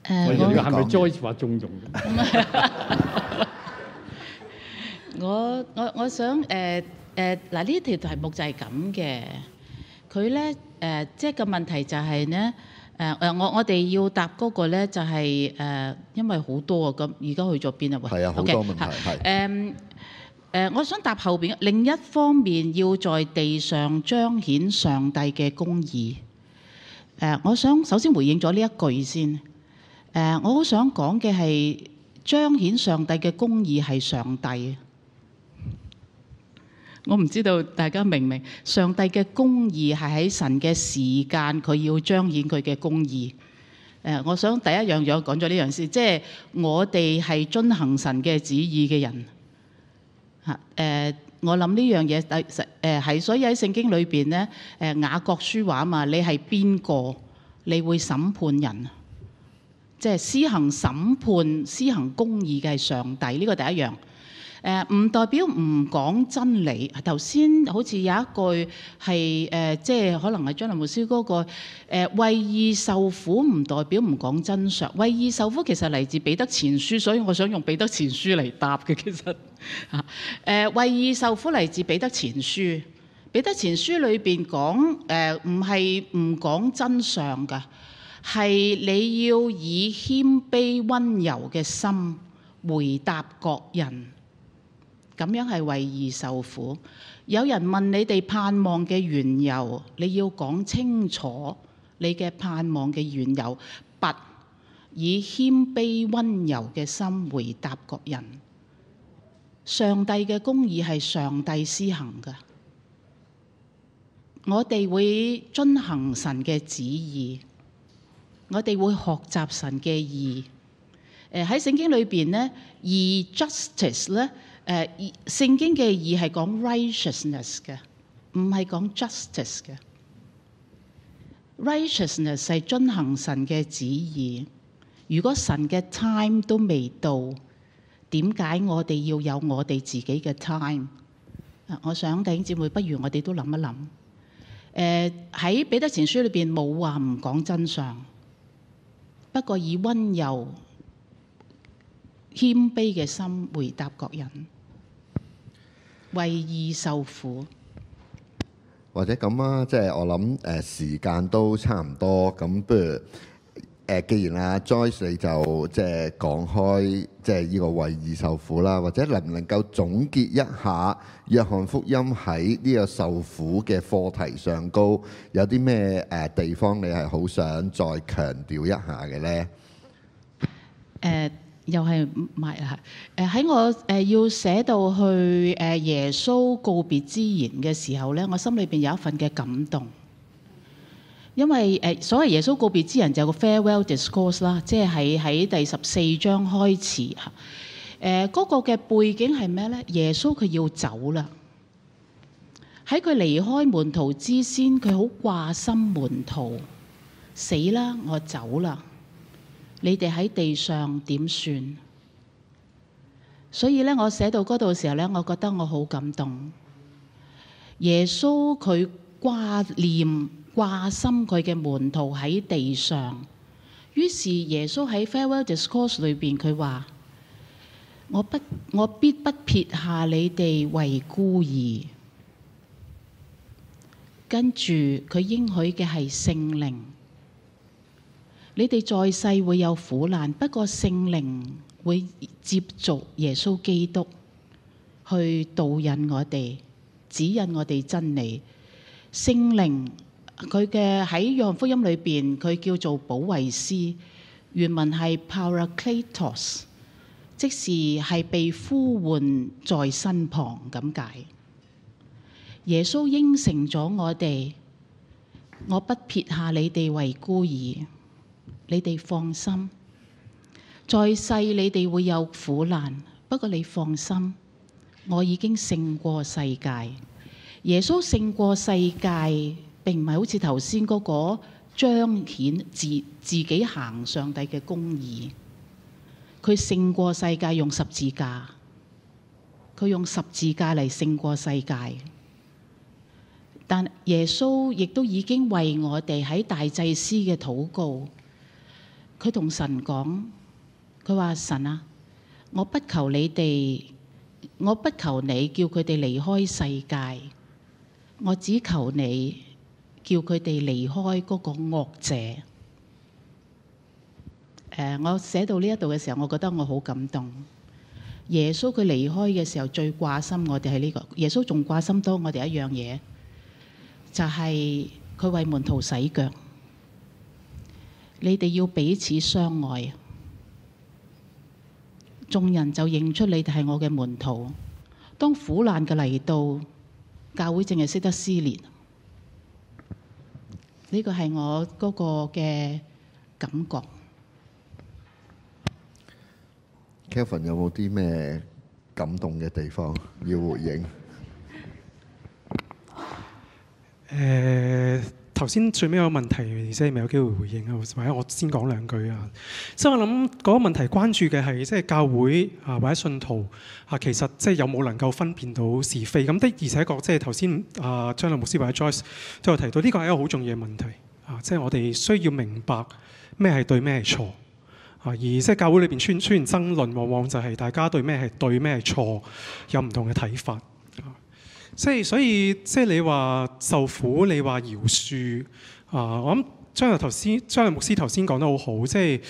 我認為係咪 Joy 話縱容？我我我想誒誒嗱呢條題目就係咁嘅，佢咧誒，即係個問題就係咧誒誒，我我哋要答嗰個咧就係誒，因為好多啊，咁而家去咗邊啊？喂，係啊，好多問題係誒誒，我想答後邊。另一方面，要在地上彰顯上帝嘅公義。誒，我想首先回應咗呢一句先。誒，我好想講嘅係彰顯上帝嘅公義係上帝。我唔知道大家明唔明白上帝嘅公義係喺神嘅時間，佢要彰顯佢嘅公義、呃。我想第一樣嘢、就係、我講咗呢樣先，即係我哋係遵行神嘅旨意嘅人。呃、我諗呢樣嘢係，所以喺聖經裏面咧、呃、雅各書話嘛，你係邊個？你會審判人，即係施行審判、施行公義嘅係上帝。呢個第一樣。誒、呃、唔代表唔講真理。頭先好似有一句係誒、呃，即係可能係張林牧師嗰，那個誒為義、呃、受苦，唔代表唔講真相。為義受苦其實嚟自彼得前書，所以我想用彼得前書嚟答嘅。其實嚇誒為義受苦嚟自彼得前書。彼得前書裏邊講誒唔係唔講真相㗎，係你要以謙卑温柔嘅心回答各人。咁樣係為義受苦。有人問你哋盼望嘅緣由，你要講清楚你嘅盼望嘅緣由。八以謙卑温柔嘅心回答各人。上帝嘅公義係上帝施行㗎。我哋會遵行神嘅旨意，我哋會學習神嘅義。誒喺聖經裏邊呢，義 justice 咧。Uh, 聖經嘅義係講 righteousness 嘅，唔係講 justice 嘅。righteousness 係遵行神嘅旨意。如果神嘅 time 都未到，點解我哋要有我哋自己嘅 time？我想弟兄姊妹，不如我哋都諗一諗。誒、uh, 喺彼得前書裏邊冇話唔講真相，不過以温柔、謙卑嘅心回答各人。為義受苦，或者咁啊，即、就、係、是、我諗誒，時間都差唔多，咁不如，既然阿 Joyce 你就即係講開，即係呢個為義受苦啦，或者能唔能夠總結一下《約翰福音》喺呢個受苦嘅課題上高有啲咩誒地方你係好想再強調一下嘅呢？Uh, 又係唔係？喺我要寫到去耶穌告別之言嘅時候呢，我心裏面有一份嘅感動，因為所謂耶穌告別之言就有個 farewell discourse 啦，即係喺第十四章開始嚇。誒、那、嗰個嘅背景係咩呢？耶穌佢要走喇，喺佢離開門徒之先，佢好掛心門徒，死喇，我走喇。你哋喺地上點算？所以呢，我寫到嗰度嘅時候呢，我覺得我好感動。耶穌佢掛念掛心佢嘅門徒喺地上，於是耶穌喺 farewell discourse 裏面，佢話，我不我必不撇下你哋為孤兒。跟住佢應許嘅係聖靈。你哋在世會有苦難，不過聖靈會接觸耶穌基督去導引我哋，指引我哋真理。聖靈佢嘅喺《約翰福音》裏面，佢叫做保惠師，原文係 Paracletos，即是係被呼喚在身旁咁解。耶穌應承咗我哋，我不撇下你哋為孤兒。你哋放心，在世你哋會有苦難，不過你放心，我已經勝過世界。耶穌勝過世界，並唔係好似頭先嗰個彰顯自自己行上帝嘅公義。佢勝過世界，用十字架，佢用十字架嚟勝過世界。但耶穌亦都已經為我哋喺大祭司嘅禱告。佢同神講：佢話神啊，我不求你哋，我不求你叫佢哋離開世界，我只求你叫佢哋離開嗰個惡者。呃，我寫到呢一度嘅時候，我覺得我好感動。耶穌佢離開嘅時候，最掛心我哋係呢個。耶穌仲掛心多我哋一樣嘢，就係、是、佢為門徒洗腳。你哋要彼此相愛，眾人就認出你哋係我嘅門徒。當苦難嘅嚟到，教會淨係識得撕裂。呢個係我嗰個嘅感覺。Kevin，有冇啲咩感動嘅地方要回應？誒。頭先最尾個問題，即係未有機會回應啊？或者我先講兩句啊。即係我諗嗰個問題關注嘅係，即係教會啊或者信徒啊，其實即係有冇能夠分辨到是非？咁的而且確即係頭先啊張略牧師或者 Joyce 都有提到，呢個係一個好重要嘅問題啊。即係我哋需要明白咩係對，咩係錯啊。而即係教會裏邊出出現爭論，往往就係大家對咩係對，咩係錯有唔同嘅睇法。即係所以，即係你話受苦，你話饒恕啊！我諗張略頭先，張略牧師頭先講得好好，即係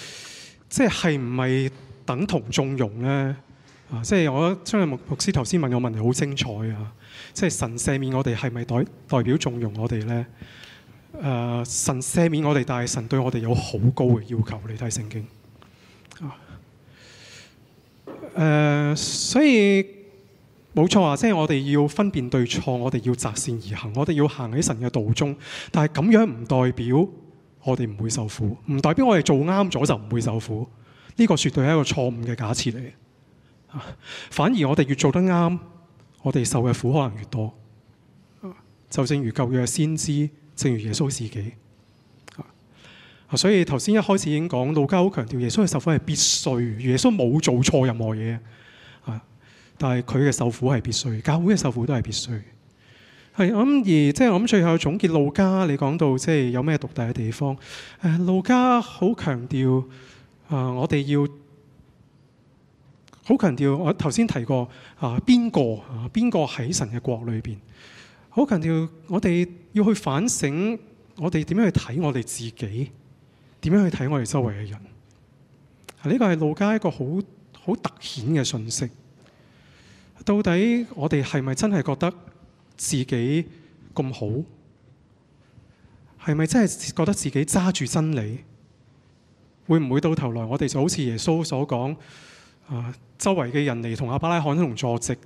即係係唔係等同縱容咧？啊！即係我覺得張略牧牧師頭先問嘅問題好精彩啊！即係神赦免我哋係咪代代表縱容我哋咧？誒、啊，神赦免我哋，但係神對我哋有好高嘅要求。你睇聖經啊？誒，所以。冇錯啊！即、就、係、是、我哋要分辨對錯，我哋要擇善而行，我哋要行喺神嘅道中。但係咁樣唔代表我哋唔會受苦，唔代表我哋做啱咗就唔會受苦。呢、這個絕對係一個錯誤嘅假設嚟嘅。反而我哋越做得啱，我哋受嘅苦可能越多。就正如舊約先知，正如耶穌自己。所以頭先一開始已經講，路加好強調耶穌嘅受苦係必須，耶穌冇做錯任何嘢。但係佢嘅受苦係必須，教會嘅受苦都係必須。係咁、嗯，而即係我諗最後總結路加你講到即係、就是、有咩獨特嘅地方？誒、呃，路加好強調啊，我哋要好強調。我頭先提過啊，邊個啊，邊個喺神嘅國裏邊？好強調，我哋要去反省，我哋點樣去睇我哋自己？點樣去睇我哋周圍嘅人？呢、這個係路加一個好好突顯嘅信息。到底我哋係咪真係覺得自己咁好？係咪真係覺得自己揸住真理？會唔會到頭來我哋就好似耶穌所講啊，周圍嘅人嚟，同亞伯拉罕同坐席，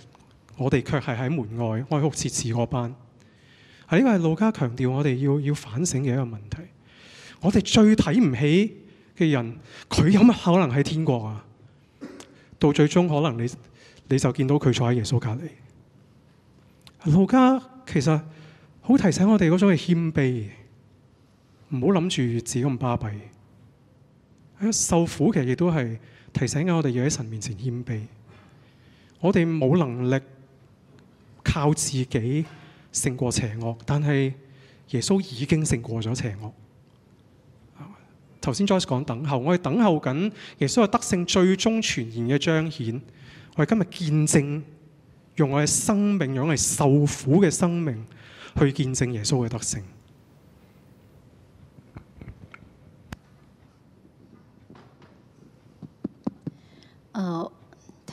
我哋卻係喺門外，哀哭切齒嗰班。係、啊、呢、這個係路加強調我哋要要反省嘅一個問題。我哋最睇唔起嘅人，佢有乜可能喺天國啊？到最終可能你。你就見到佢坐喺耶穌隔離。路加其實好提醒我哋嗰種嘅謙卑，唔好諗住自己咁巴閉。受苦其實亦都係提醒緊我哋要喺神面前謙卑。我哋冇能力靠自己勝過邪惡，但係耶穌已經勝過咗邪惡。頭先 Joyce 講等候，我哋等候緊耶穌嘅德性最終全然嘅彰顯。我哋今日見證，用我哋生命，用我哋受苦嘅生命去見證耶穌嘅德性。Uh.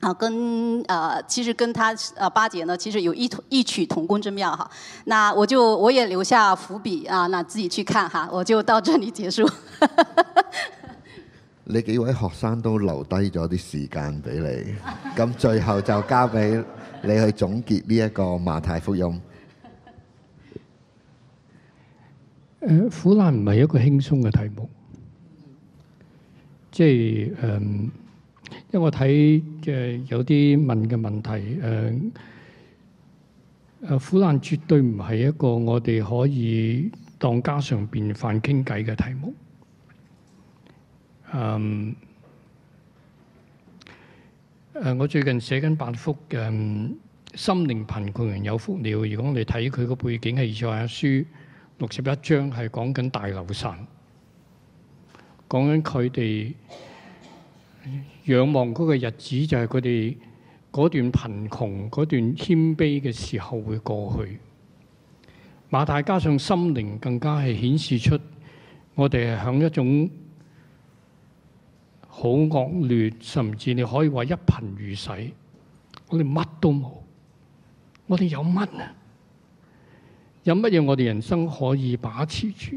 啊，跟啊，其實跟他啊八姐呢，其實有異同異曲同工之妙哈。那我就我也留下伏筆啊，那自己去看哈。我就到這裡結束。 [laughs] 你幾位學生都留低咗啲時間俾你，咁 [laughs] 最後就交俾你去總結呢一個馬太福音。苦、 [laughs] 呃、難唔係一個輕鬆嘅題目，即係誒。呃因為我睇嘅、呃、有啲問嘅問題，誒、嗯、誒，苦、啊、難絕對唔係一個我哋可以當家常便飯傾偈嘅題目。誒、嗯、誒、啊，我最近寫緊八福嘅、嗯，心靈貧困人有福了。如果我哋睇佢個背景係《以賽亞書》六十一章，係講緊大流散，講緊佢哋。哎仰望嗰個日子，就係佢哋嗰段貧窮、嗰段謙卑嘅時候會過去。馬太加上心靈，更加係顯示出我哋係向一種好惡劣，甚至你可以話一貧如洗。我哋乜都冇，我哋有乜呢？有乜嘢我哋人生可以把持住？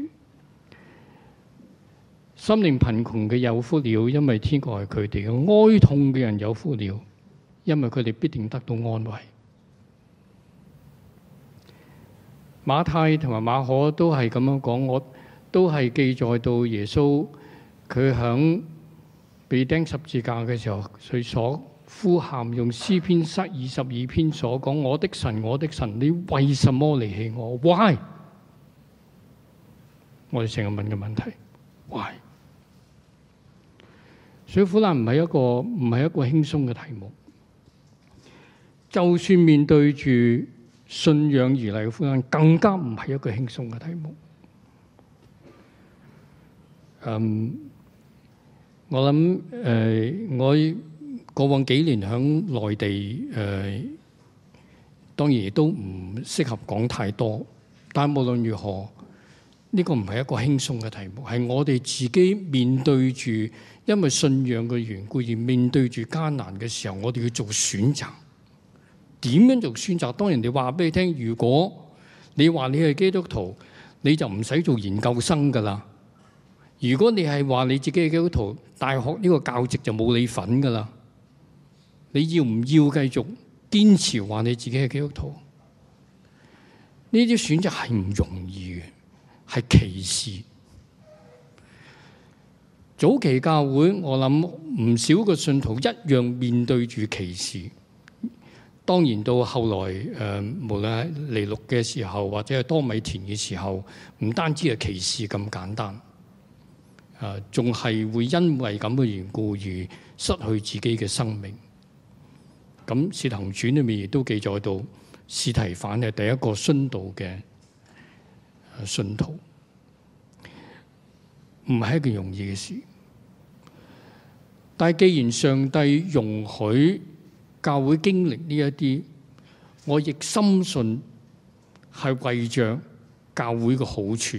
心靈貧窮嘅有福了，因為天國係佢哋嘅；哀痛嘅人有福了，因為佢哋必定得到安慰。馬太同埋馬可都係咁樣講，我都係記載到耶穌佢響被釘十字架嘅時候，佢所呼喊用詩篇失二十二篇所講：我的神，我的神，你為什麼離棄我？Why？我哋成日問嘅問題，Why？所以苦難唔係一個唔係一個輕鬆嘅題目，就算面對住信仰而嚟嘅苦難，更加唔係一個輕鬆嘅題目。嗯，我諗誒，我過往幾年喺內地誒，當然亦都唔適合講太多，但無論如何。呢個唔係一個輕鬆嘅題目，係我哋自己面對住，因為信仰嘅緣故而面對住艱難嘅時候，我哋要做選擇。點樣做選擇？當人哋話俾你聽，如果你話你係基督徒，你就唔使做研究生噶啦。如果你係話你自己係基督徒，大學呢個教席就冇你份噶啦。你要唔要繼續堅持話你自己係基督徒？呢啲選擇係唔容易嘅。係歧視。早期教會，我諗唔少個信徒一樣面對住歧視。當然到後來，誒、呃，無論喺尼祿嘅時候，或者係多米田嘅時候，唔單止係歧視咁簡單，誒、啊，仲係會因為咁嘅緣故而失去自己嘅生命。咁《使徒行傳》裏面亦都記載到，司提反係第一個殉道嘅。信徒唔係一件容易嘅事，但係既然上帝容許教會經歷呢一啲，我亦深信係為着教會嘅好處。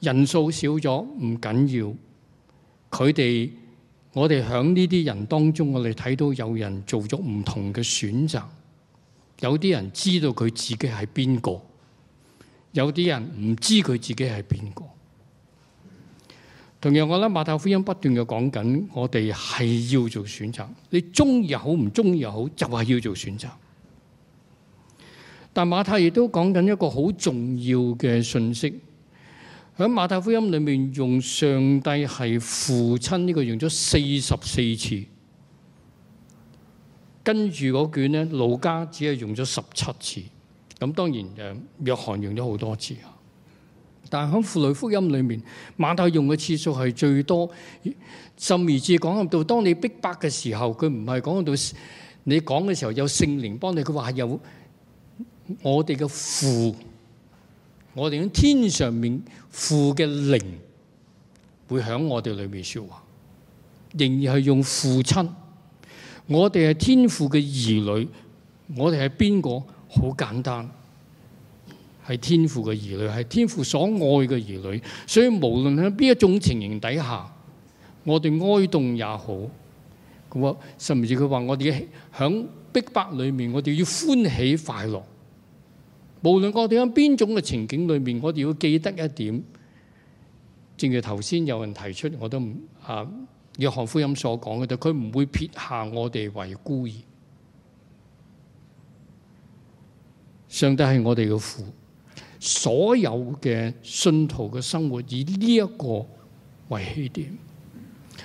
人數少咗唔緊要，佢哋我哋響呢啲人當中，我哋睇到有人做咗唔同嘅選擇，有啲人知道佢自己係邊個。有啲人唔知佢自己係邊個，同樣我覺得馬太福音不斷嘅講緊，我哋係要做選擇。你中意又好，唔中意又好，就係要做選擇。但馬太亦都講緊一個好重要嘅信息，喺馬太福音裏面用上帝係父親呢個用咗四十四次，跟住嗰卷呢，路加只係用咗十七次。咁當然誒，約翰用咗好多次啊。但係喺符類福音裏面，馬太用嘅次數係最多。甚至講到當你逼迫嘅時候，佢唔係講到你講嘅時候有聖靈幫你，佢話有我哋嘅父，我哋喺天上面父嘅靈會喺我哋裏面説話，仍然係用父親。我哋係天父嘅兒女，我哋係邊個？好簡單，係天父嘅兒女，係天父所愛嘅兒女，所以無論喺邊一種情形底下，我哋哀慟也好，咁啊，甚至佢話我哋響逼迫裏面，我哋要歡喜快樂。無論我哋喺邊種嘅情景裏面，我哋要記得一點，正如頭先有人提出，我都唔啊，約翰福音所講嘅，就佢唔會撇下我哋為孤兒。上帝係我哋嘅父，所有嘅信徒嘅生活以呢一個為起點。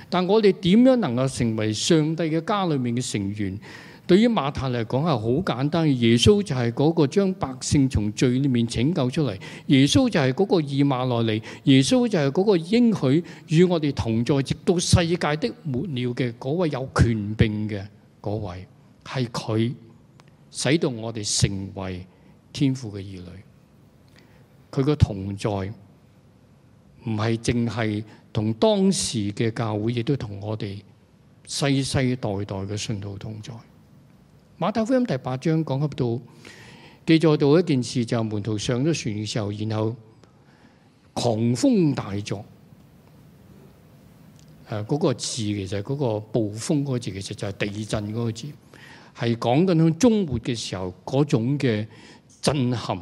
但我哋點樣能夠成為上帝嘅家裏面嘅成員？對於馬太嚟講係好簡單，耶穌就係嗰個將百姓從罪裏面拯救出嚟，耶穌就係嗰個以馬內利，耶穌就係嗰個應許與我哋同在直到世界的末了嘅嗰位有權柄嘅嗰位，係佢使到我哋成為。天父嘅兒女，佢嘅同在唔係淨係同當時嘅教會，亦都同我哋世世代代嘅信徒同在。馬太福音第八章講到記載到一件事，就係門徒上咗船嘅時候，然後狂風大作。誒，嗰個字其實嗰個暴風嗰個字，其實就係地震嗰個字，係講緊喺終末嘅時候嗰種嘅。震撼。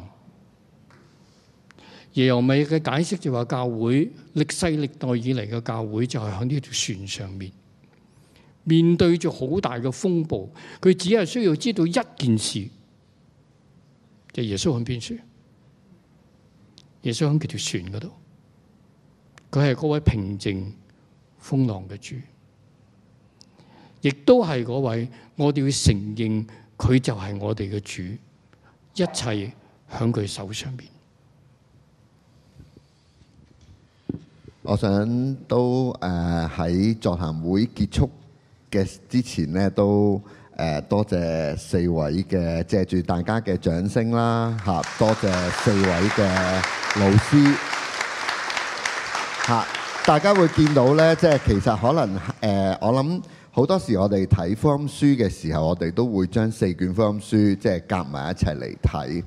耶柔美嘅解釋就話：教會歷世歷代以嚟嘅教會就係喺呢條船上面，面對住好大嘅風暴，佢只係需要知道一件事，就係耶穌喺邊處。耶穌喺佢條船嗰度，佢係嗰位平靜風浪嘅主，亦都係嗰位我哋要承認佢就係我哋嘅主。一切喺佢手上面。我想都誒喺座談會結束嘅之前咧，都誒、呃、多謝四位嘅借住大家嘅掌聲啦，嚇、啊、多謝四位嘅老師嚇、啊。大家會見到咧，即係其實可能誒、呃，我諗。好多時，我哋睇福音書嘅時候，我哋都會將四卷福音書即係夾埋一齊嚟睇。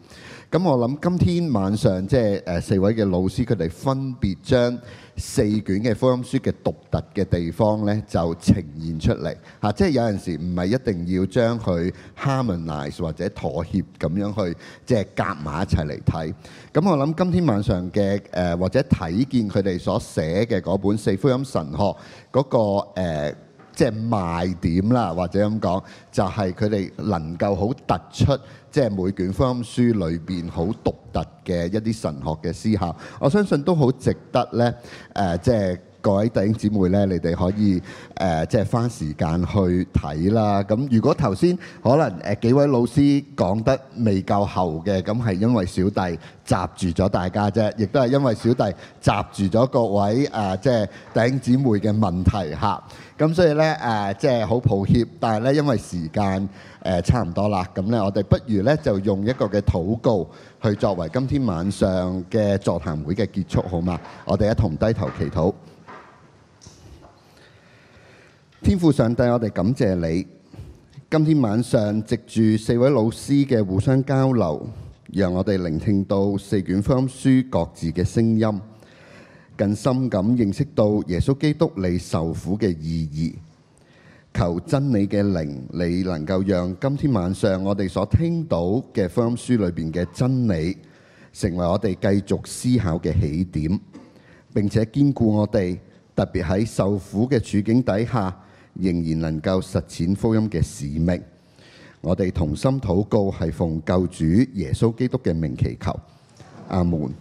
咁我諗，今天晚上即係誒四位嘅老師，佢哋分別將四卷嘅福音書嘅獨特嘅地方呢就呈現出嚟嚇。即、啊、係、就是、有陣時唔係一定要將佢 harmonise 或者妥協咁樣去即係夾埋一齊嚟睇。咁我諗，今天晚上嘅誒、呃、或者睇見佢哋所寫嘅嗰本四福音神學嗰、那個、呃即係賣點啦，或者咁講，就係佢哋能夠好突出，即係每卷福音書裏邊好獨特嘅一啲神學嘅思考。我相信都好值得呢。誒、呃，即係各位弟兄姊妹呢，你哋可以誒，即係花時間去睇啦。咁如果頭先可能誒幾位老師講得未夠喉嘅，咁係因為小弟閘住咗大家啫，亦都係因為小弟閘住咗各位誒，即係弟兄姊妹嘅問題嚇。咁所以咧，誒即係好抱歉，但係咧因為時間誒、呃、差唔多啦，咁咧我哋不如咧就用一個嘅禱告去作為今天晚上嘅座談會嘅結束，好嗎？我哋一同低頭祈禱。天父上帝，我哋感謝你，今天晚上藉住四位老師嘅互相交流，讓我哋聆聽到四卷福音書各自嘅聲音。更深咁認識到耶穌基督你受苦嘅意義，求真理嘅靈，你能夠讓今天晚上我哋所聽到嘅福音書裏邊嘅真理，成為我哋繼續思考嘅起點。並且堅固我哋特別喺受苦嘅處境底下，仍然能夠實踐福音嘅使命。我哋同心禱告，係奉救主耶穌基督嘅名祈求，阿門。